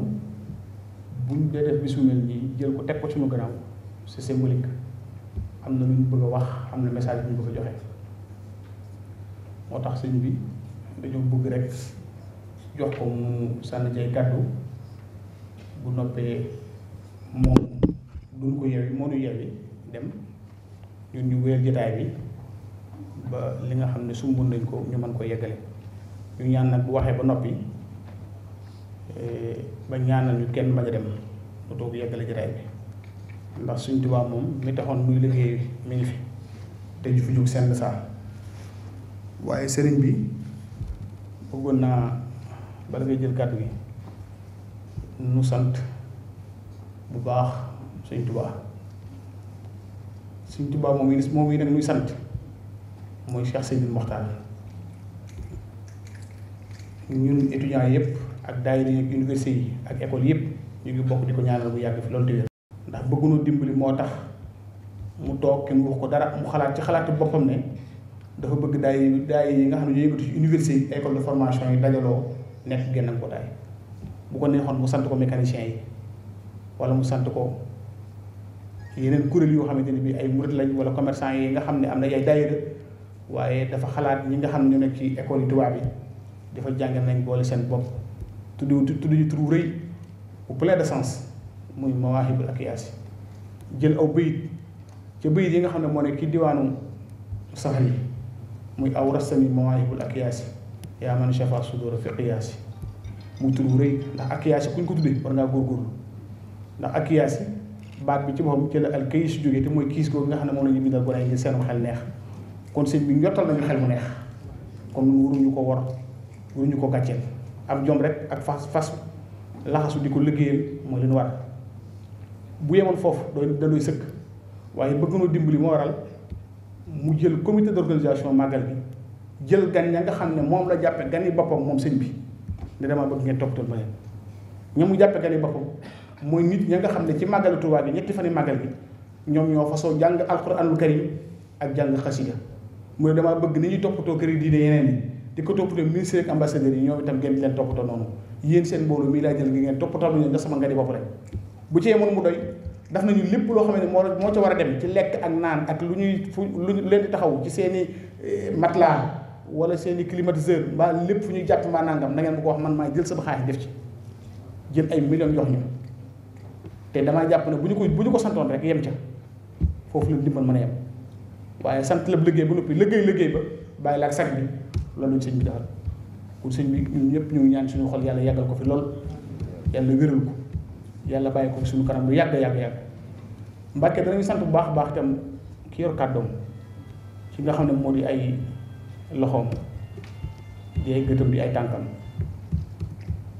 buñ dee def bisu mel jël ko teg ko suñu gannaaw c'est symbolique am na lu ñu bëgg a wax am na message bu ñu bëgg a moo tax sëñ bi dañoo bugg rek jox ko mu sànni cay bu noppee moom duñ ko yewi moo nu yewi dem ñun ñu wéer jotaay bi ba li nga xam ne sumb nañ ko ñu mën ko yeggale ñu ñaan nag bu waxee ba noppi eh, ba na ñu kenn bañ a dem lu toog yeggale jotaay bi ndax suñ tubaab moom mi taxoon muy liggéey mi ngi fi te ju fi jóg seen saa waaye sëriñ bi bëggoon naa bala ngay jël kàddu gi nu sant bu baax sëñ tubaa sëñ tubaa moom yi moom yi nag muy sant mooy Cheikh Seydil Mokhtar ñun étudiants yëpp ak daayira yi ak université yi ak école yëpp ñu ngi bokk di ko ñaanal bu yàgg fi loolu téwéer ndax bëgguñu dimbali moo tax mu toog kenn wax ko dara mu xalaat ci xalaatu boppam ne dafa bëgg daay daay yi nga xam ne ñoo yëngatu ci université yi école de formation yi dajaloo nekk genn mbootaay bu ko neexoon mu sant ko mécanicien yi wala mu sant ko yeneen kuréel yoo xamante ne bi ay murit lañ wala commerçant yi nga xam ne am na ay daayira waaye dafa xalaat ñi nga xam ne ñu nekk ci école yi tubaab yi dafa jàngal nañ boole seen bopp tudd tudd ñu turu rëy bu plein de sens muy mawaahibul akyaasi jël aw bayit ca bayit yi nga xam ne moo ne ki diwaanu saxal yi muy aw rasami mawaahibul akiyaasi yaa man shafa sudura fi qiyaasi muy tur bu rëy ndax akiyaasi ñu ko tuddee war ngaa góorgóorlu ndax akiyaasi baat bi ci boppam ci la al kayis jógee te mooy kiis googu nga xam ne moom la ñu xel neex kon sëñ bi njottal nañu xel mu neex kon waruñu ko war waruñu ko gàcceel am jom rek ak fas fas laxasu di ko liggéeyal mooy leen war bu yemal foofu doo da doy sëkk waaye bëgg na dimbali moo waral mu jël comité d'organisation màggal bi jël gan ya nga xam ne moom la jàppe gan boppam moom sëñ bi ne dama bëgg ngeen toppatoo ma leen ña mu jàppe gan yi boppam mooy nit ña nga xam ne ci màggalu Tuubaa bi ñetti fani màggal bi ñoom ñoo fasoo jàng alxuraanul karim ak jàng xasida mu ne damaa bëgg ni ñuy toppatoo kër yi diine yeneen yi di ko toppatoo ñoom itam ngeen leen toppatoo noonu yéen seen mbooloo mii laa jël ngi ngeen toppatoo lu ngeen nga sama nga di bopp rek bu ci yemoon mu doy daf nañu lépp loo xam ne moo moo ca war a dem ci lekk ak naan ak lu ñuy fu lu leen taxaw ci seen i eh, matelas wala seen i climatiseur mbaa lépp fu ñuy jàpp mbaa nangam na ngeen ma ko wax man maa jël sama xaalis def ci jël ay millions jox ñu te damaa jàpp ne bu ñu ko bu ñu ko santoon rek yem ca foofu la ndimbal mën a yem waaye sant la liggéey ba noppi liggéey liggéey ba bàyyi laak sag bi loolu ñu sëñ bi defal pour sëñ bi ñun ñëpp ñu ñaan suñu xol yàlla yàggal ko fi lool yàlla wéral ko yàlla bàyyi ko suñu kanam bu yàgg yàgg yàgg Mbàkke danañu sant bu baax baax itam ki yor kàddoom ci nga xam ne moo di ay loxoom di ay gëtam di ay tànkam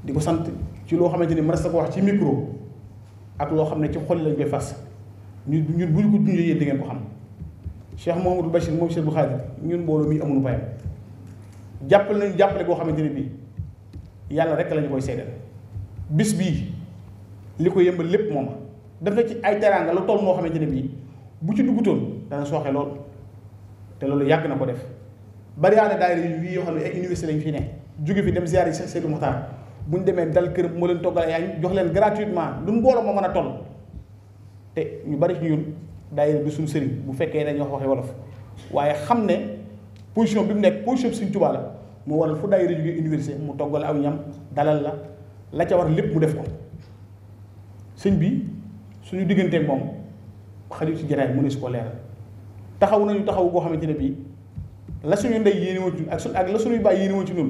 di ko sant ci loo xamante ni mën na ko wax ci micro ak loo xam ne ci xol lañ koy fas ñun ñun bu ñu ko dundee yéen di ngeen ko xam Cheikh Mouhamadou Bachir moom Cheikh bu Xaadir ñun mbooloo mi amuñu payam jàppale nañu jàppale goo xamante ne bii yàlla rek lañu koy seedal bis bii. li ko yëmbal lépp moom def na ci ay teraanga lu toll moo xamante ne bii bu ci duggutoon dana sooxe lool te loolu yàgg na ko def bari na daayira yi yoo xam ne ay université lañ fi ne jóge fi dem ziar yi seen Mokhtar bu ñu demee dal kër moo leen toggal añ jox leen gratuitement lu mbooloo moo a toll te ñu bari ci ñun bi suñu sëriñ bu fekkee dañoo waxe wolof waaye xam ne position bi mu nekk position bi suñ mu waral fu daayira jóge université mu toggal aw ñam dalal la la ca war lépp mu def ko sëñ bi suñu digganteeg moom xaju ci jaraay si koo leeral taxaw nañu taxaw goo xamante ne bii la suñu ndey yéene woon ci ñun ak su ak la suñuy bàyyi yéene ci ñun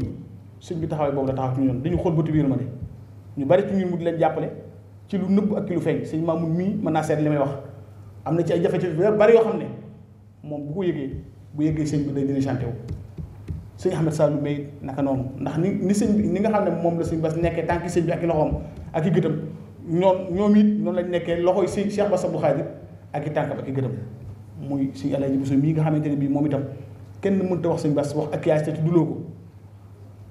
sëñ bi taxawee boobu la taxaw ci ñun dañu xool bëtu biir ma ne ñu bari ci ñun mu leen jàppale ci lu nëbb ak ci lu feeñ sëñ Mamoun mii mën naa seet li may wax am na ci ay jafe-jafe bari yoo xam ne moom bu ko yëgee bu yëgee sëñ bi day dina chanté wu sëñ Ahmed Saloum may naka noonu ndax ni ni sëñ bi nga xam ne moom la sëñ Bass nekkee tànki sëñ bi ak i ak i ñoon ñoom it noonu lañ nekkee loxoy sëñ Cheikh Bass Abdou Khadre ak i tànk ba ki gërëm muy sëñ Alaaji Bousso mii nga xamante ne bii moom itam kenn mënut a wax sëñ Bass wax ak yaay te ko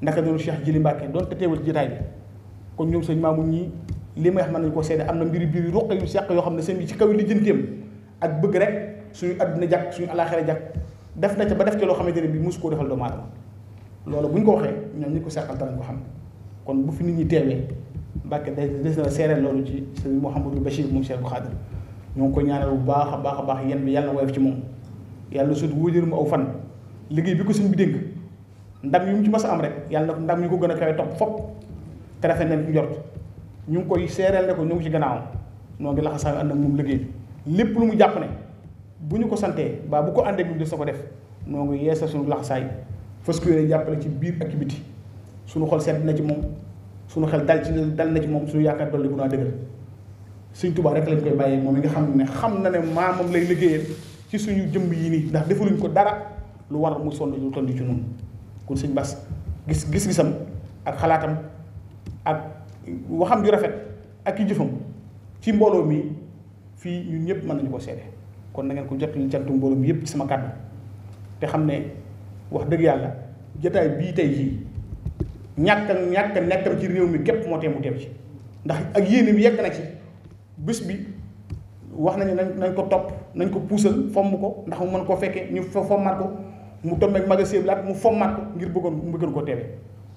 naka noonu Cheikh Jili Mbàkke doon te teewal ci jotaay bi kon ñoom sëñ Maamu ñii li may wax nañ koo ko am na mbiri biir yu ruq yu seq yoo xam ne seen bi ci kaw li jënteem ak bëgg rek suñu adduna jàkk suñu alaxira jàkk def na ca ba def ca loo xamante ne bii mosu koo defal doomu aadama loolu bu ñu ko waxee ñoom ñu ko seqal danañ ko xam kon bu fi nit ñi teewee Mbàkke day des na seereel loolu ci sëñ Mouhamadou Bachir moom Cheikh Khadir ñoo ngi ko ñaanal bu baax a baax a baax yéen bi yàlla na woyof ci moom yàlla sut wóojër mu aw fan liggéey bi ko sëñ bi dénk ndam yi mu ci mas a am rek yàlla na ndam yu ko gën a kawe topp fop te rafet na ci njort ñu ngi koy seereel ne ko ñu ngi ci gannaawam noo ngi laxa saa ànd ak moom liggéey bi lépp lu mu jàpp ne bu ñu ko santee baa bu ko àndee ñu des na ko def noo ngi yeesal suñu laxasaay fas yéene jàppale ci biir ak ci biti suñu xol na ci moom su suñu xel dal ci dal na ci moom su suñu yaakaar dolli bu naa dëgër suñ tubaa rek lañ koy bàyyee moom mi nga xam ne xam na ne maamam lay liggéeyal ci suñu jëmb yi nii ndax defaluñ ko dara lu war mu sonn lu toll ci noonu kon sëñ Bass gis gis-gisam ak xalaatam ak waxam ju rafet ak yu jëfam ci mbooloo mi fii ñun ñëpp mën nañu ko seede kon na ko jot li cantu mbooloo mi yëpp ci sama kàddu te xam ne wax dëgg yàlla jotaay bii tey jii ñàkk ñàkk nekkam ci réew mi képp moo tee mu teew ci ndax ak yéene bi yegg na ci bés bi wax nañu nañ ko topp nañ ko puusal fomm ko ndax mu mën koo fekkee ñu fommaat ko mu tombeek magasin bi laat mu fommaat ko ngir bëggoon mu bëggoon koo teewee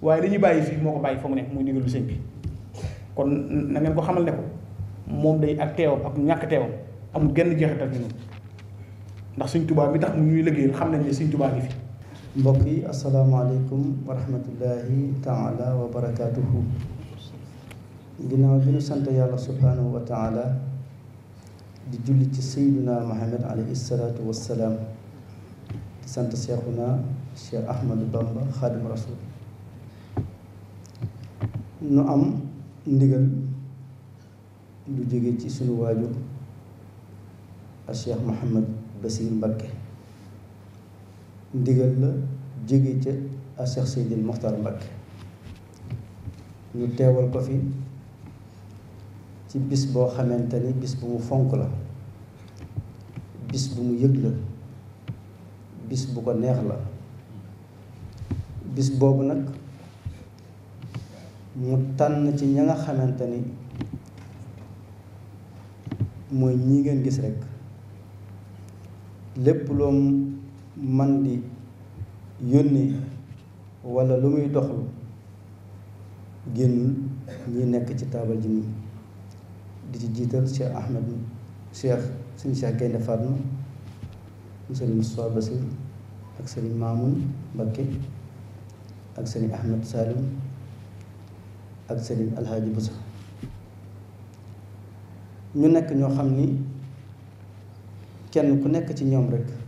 waaye li ñuy bàyyi fii moo ko bàyyi fa ne muy ndigalu sëñ bi kon na ngeen ko xamal ne ko moom day ak teewam ak ñàkk teewam amul genn jeexital ci ñun ndax Sëñ tubaab bi tax mu ñuy liggéeyal xam nañ ne Sëñ Tuubaa bi fii mbokk yi asalaamaaleykum wa rahmatullahi taala wa barakaatuhu ginnaaw bi nu sant yàlla subhaanahu wa taala di julli ci sayduna muhammad alayhi salaatu wassalaam di sant seexuna cheikh ahmadu bamba xaadim rasul nu am ndigal lu jóge ci sunu waajur a cheikh muhammad basir mbakke ndigal la jóge ca a Cheikh Seydil Mokhtar ñu teewal ko fi ci bis boo xamante ni bis bu mu fonk la bis bu mu yëg la bis bu ko neex la bis boobu nag mu tànn ci ña nga xamante ni mooy ñi ngeen gis rekk lépp loom man di yónnee walla lu muy doxlu génnul ñi nekk ci taabal ji nii di ci jiital Cheikh Ahmed Cheikh suñu Cheikh Gaynde Fatma mu sëriñ Moussa Basir ak sëriñ Mamoun Mbakke ak sëriñ Ahmed Salim ak sëriñ Alhaaji Busa ñu nekk ñoo xam ni kenn ku nekk ci ñoom rek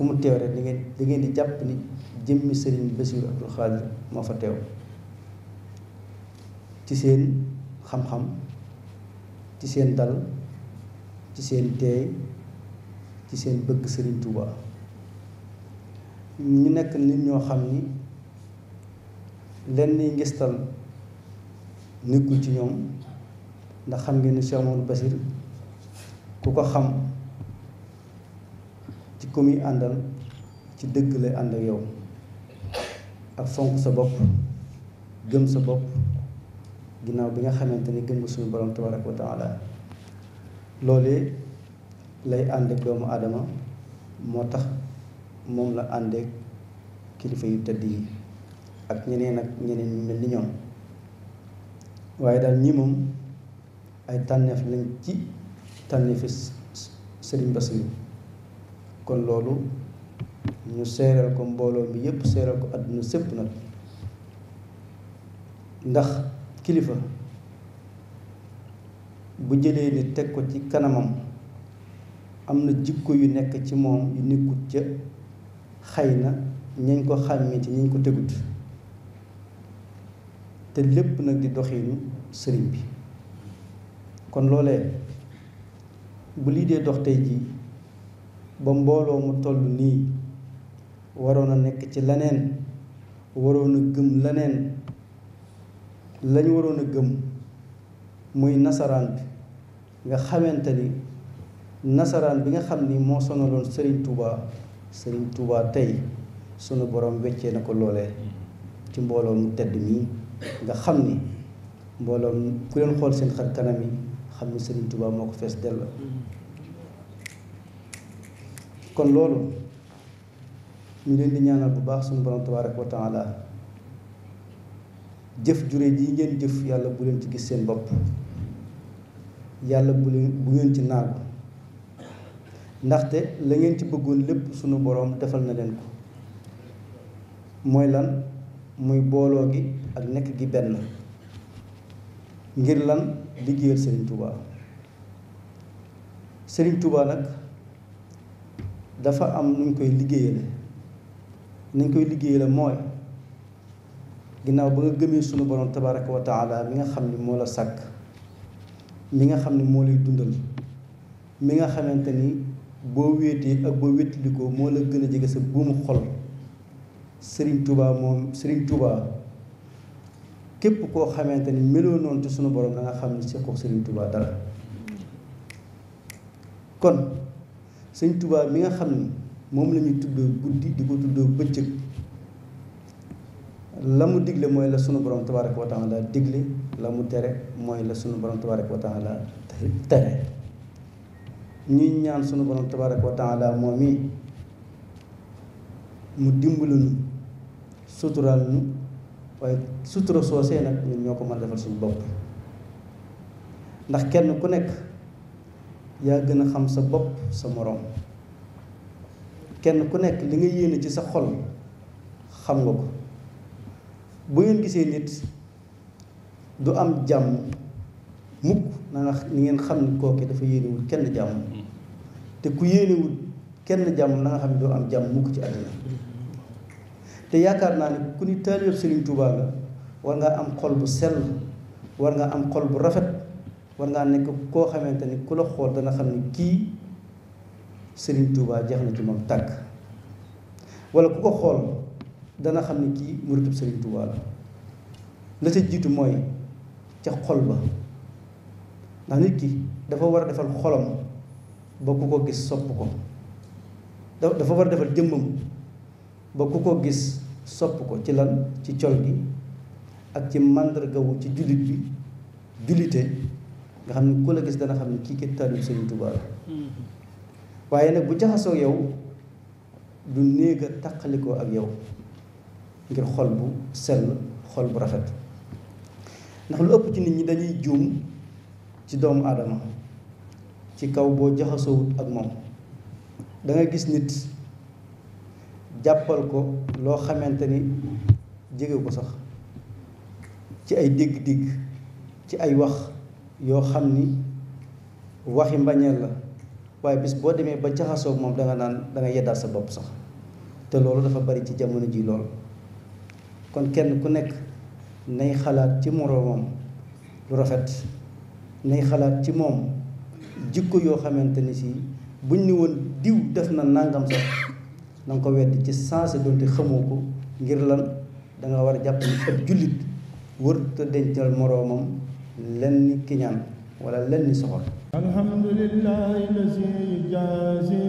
fu mu teew rek da ngeen di jàpp ni jëmmi sëriñ Bassirou Abdoul Khadir moo fa teew ci seen xam-xam ci seen dal ci seen teey ci seen bëgg sëriñ Touba ñu nekk nit ñoo xam ni lenn ngistal nekkul ci ñoom ndax xam ngeen ni Cheikh Mamadou ku ko xam ku muy àndal ci dëgg lay ànd ak yow ak fonk sa bopp gëm sa bopp ginnaaw bi nga xamante ni gëm nga suñu borom tabaraka wa taala loolu lay ànd doomu aadama moo tax moom la àndeek kilifa yu tëdd yi ak ñeneen ak ñeneen mel ni ñoom waaye daal ñii moom ay tànneef lañ ci tànneefi sëriñ Basiru kon loolu ñu seeral ko mbooloo mi yépp seeral ko àdduna sépp nag ndax kilifa bu jëlee ni teg ko ci kanamam am na jikko yu nekk ci moom yu nekkut ca xëy na ñañ ko xàmmee ci ñañ ko tegut te lépp nag di doxinu sëriñ bi kon loolee bu lii dee dox tey jii ba mbooloo mu toll nii waroon a nekk ci leneen waroon a gëm leneen lañu waroon a gëm muy nasaraan bi nga xamante ni nasaraan bi nga xam ni moo sonaloon sëriñ Touba Serigne Touba tey sunu borom weccee na ko loole ci mbooloo mu tedd mii nga xam ni mbooloo ku leen xool seen xar kanam yi xam ni Serigne Touba moo ko fees dell kon loolu ñu leen di ñaanal bu baax suñu borom tabaaraka wa taala jëf jure ji ngeen jëf yàlla bu leen ci gis seen bopp yàlla bu leen bu ngeen ci naagu ndaxte la ngeen ci bëggoon lépp suñu borom defal na leen ko mooy lan muy booloo gi ak nekk gi benn ngir lan liggéeyal Serigne Touba Serigne Touba nag. dafa am nuñ koy liggéeyale nañ koy liggéeyale mooy ginnaaw ba nga gëmee sunu borom tabaraka wa mi nga xam ni moo la sàkk mi nga xam ni moo lay dundal mi nga xamante ni boo wéetee ak boo wéttilikoo moo la gën a jege sa buumu xol sëriñ Touba moom sëriñ Touba képp koo xamante ni meloo noonu ci sunu borom da nga xam ni seqoo sëriñ Touba dara kon sëñ Touba mi nga xam ne moom la ñuy tuddoo guddi di ko tuddoo bëccëg la mu digle mooy la sunu borom tabaraka wa taala digle la mu tere mooy la sunu borom tabaraka wa taala tere ñuy ñaan sunu borom tabaraka wa taala moom i mu dimbali nu suturaal nu waaye sutura soosee nag ñoo ko mën a defal suñu bopp ndax kenn ku nekk yaa gën a xam sa bopp sa moroom kenn ku nekk li nga yéene ci sa xol xam nga ko bu ngeen gisee nit du am jàmm mukk na nga ni ngeen xam ne kooke dafa yéenewul kenn jàmm te ku yéenewul kenn jàmm na nga xam ne doo am jàmm mukk ci àddina te yaakaar naa ne ku ni taalib Serigne Touba la war nga am xol bu sell war nga am xol bu rafet war ngaa nekk koo xamante ni ku la xool dana xam ne kii Serigne Touba jeex na ci moom tàkk wala ku ko xool dana xam ne kii muritub Serigne Touba la la ca jiitu mooy ca xol ba ndax nit ki dafa war a defal xolam ba ku ko gis sopp ko dafa war a defal jëmmam ba ku ko gis sopp ko ci lan ci col gi ak ci màndargawu ci jullit bi jullite nga xam ne ku la gis dana xam ne kii kat taalib Sëriñ Tuubaa mm-hmm. waaye nag bu jaxasoo yow du néeg a taqalikoo ak yow ngir xol bu sell xol bu rafet ndax lu ëpp ci nit ñi dañuy juum ci doomu aadama ci kaw boo jaxasoowut ak moom danga gis nit jàppal ko loo xamante ni jege ko sax ci ay dégg-dégg ci ay wax yoo xam ni waxi mbañeel la waaye bis boo demee ba jaxasoo moom danga naan danga yeddaat sa bopp sax te loolu dafa bari ci jamono ji lool kon kenn ku nekk nay xalaat ci moroomam lu rafet nay xalaat ci moom jikko yoo xamante ni si buñ ni woon diw def na nangam sax na ko wedd ci sensé doonte xamoo ko ngir lan danga war a jàpp ni ab jullit wër te dencal moroomam lenn kiñaan wala lenn soxor alhamdulillahi lazi jaazi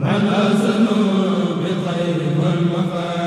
man asanu bi xayri wal mafaa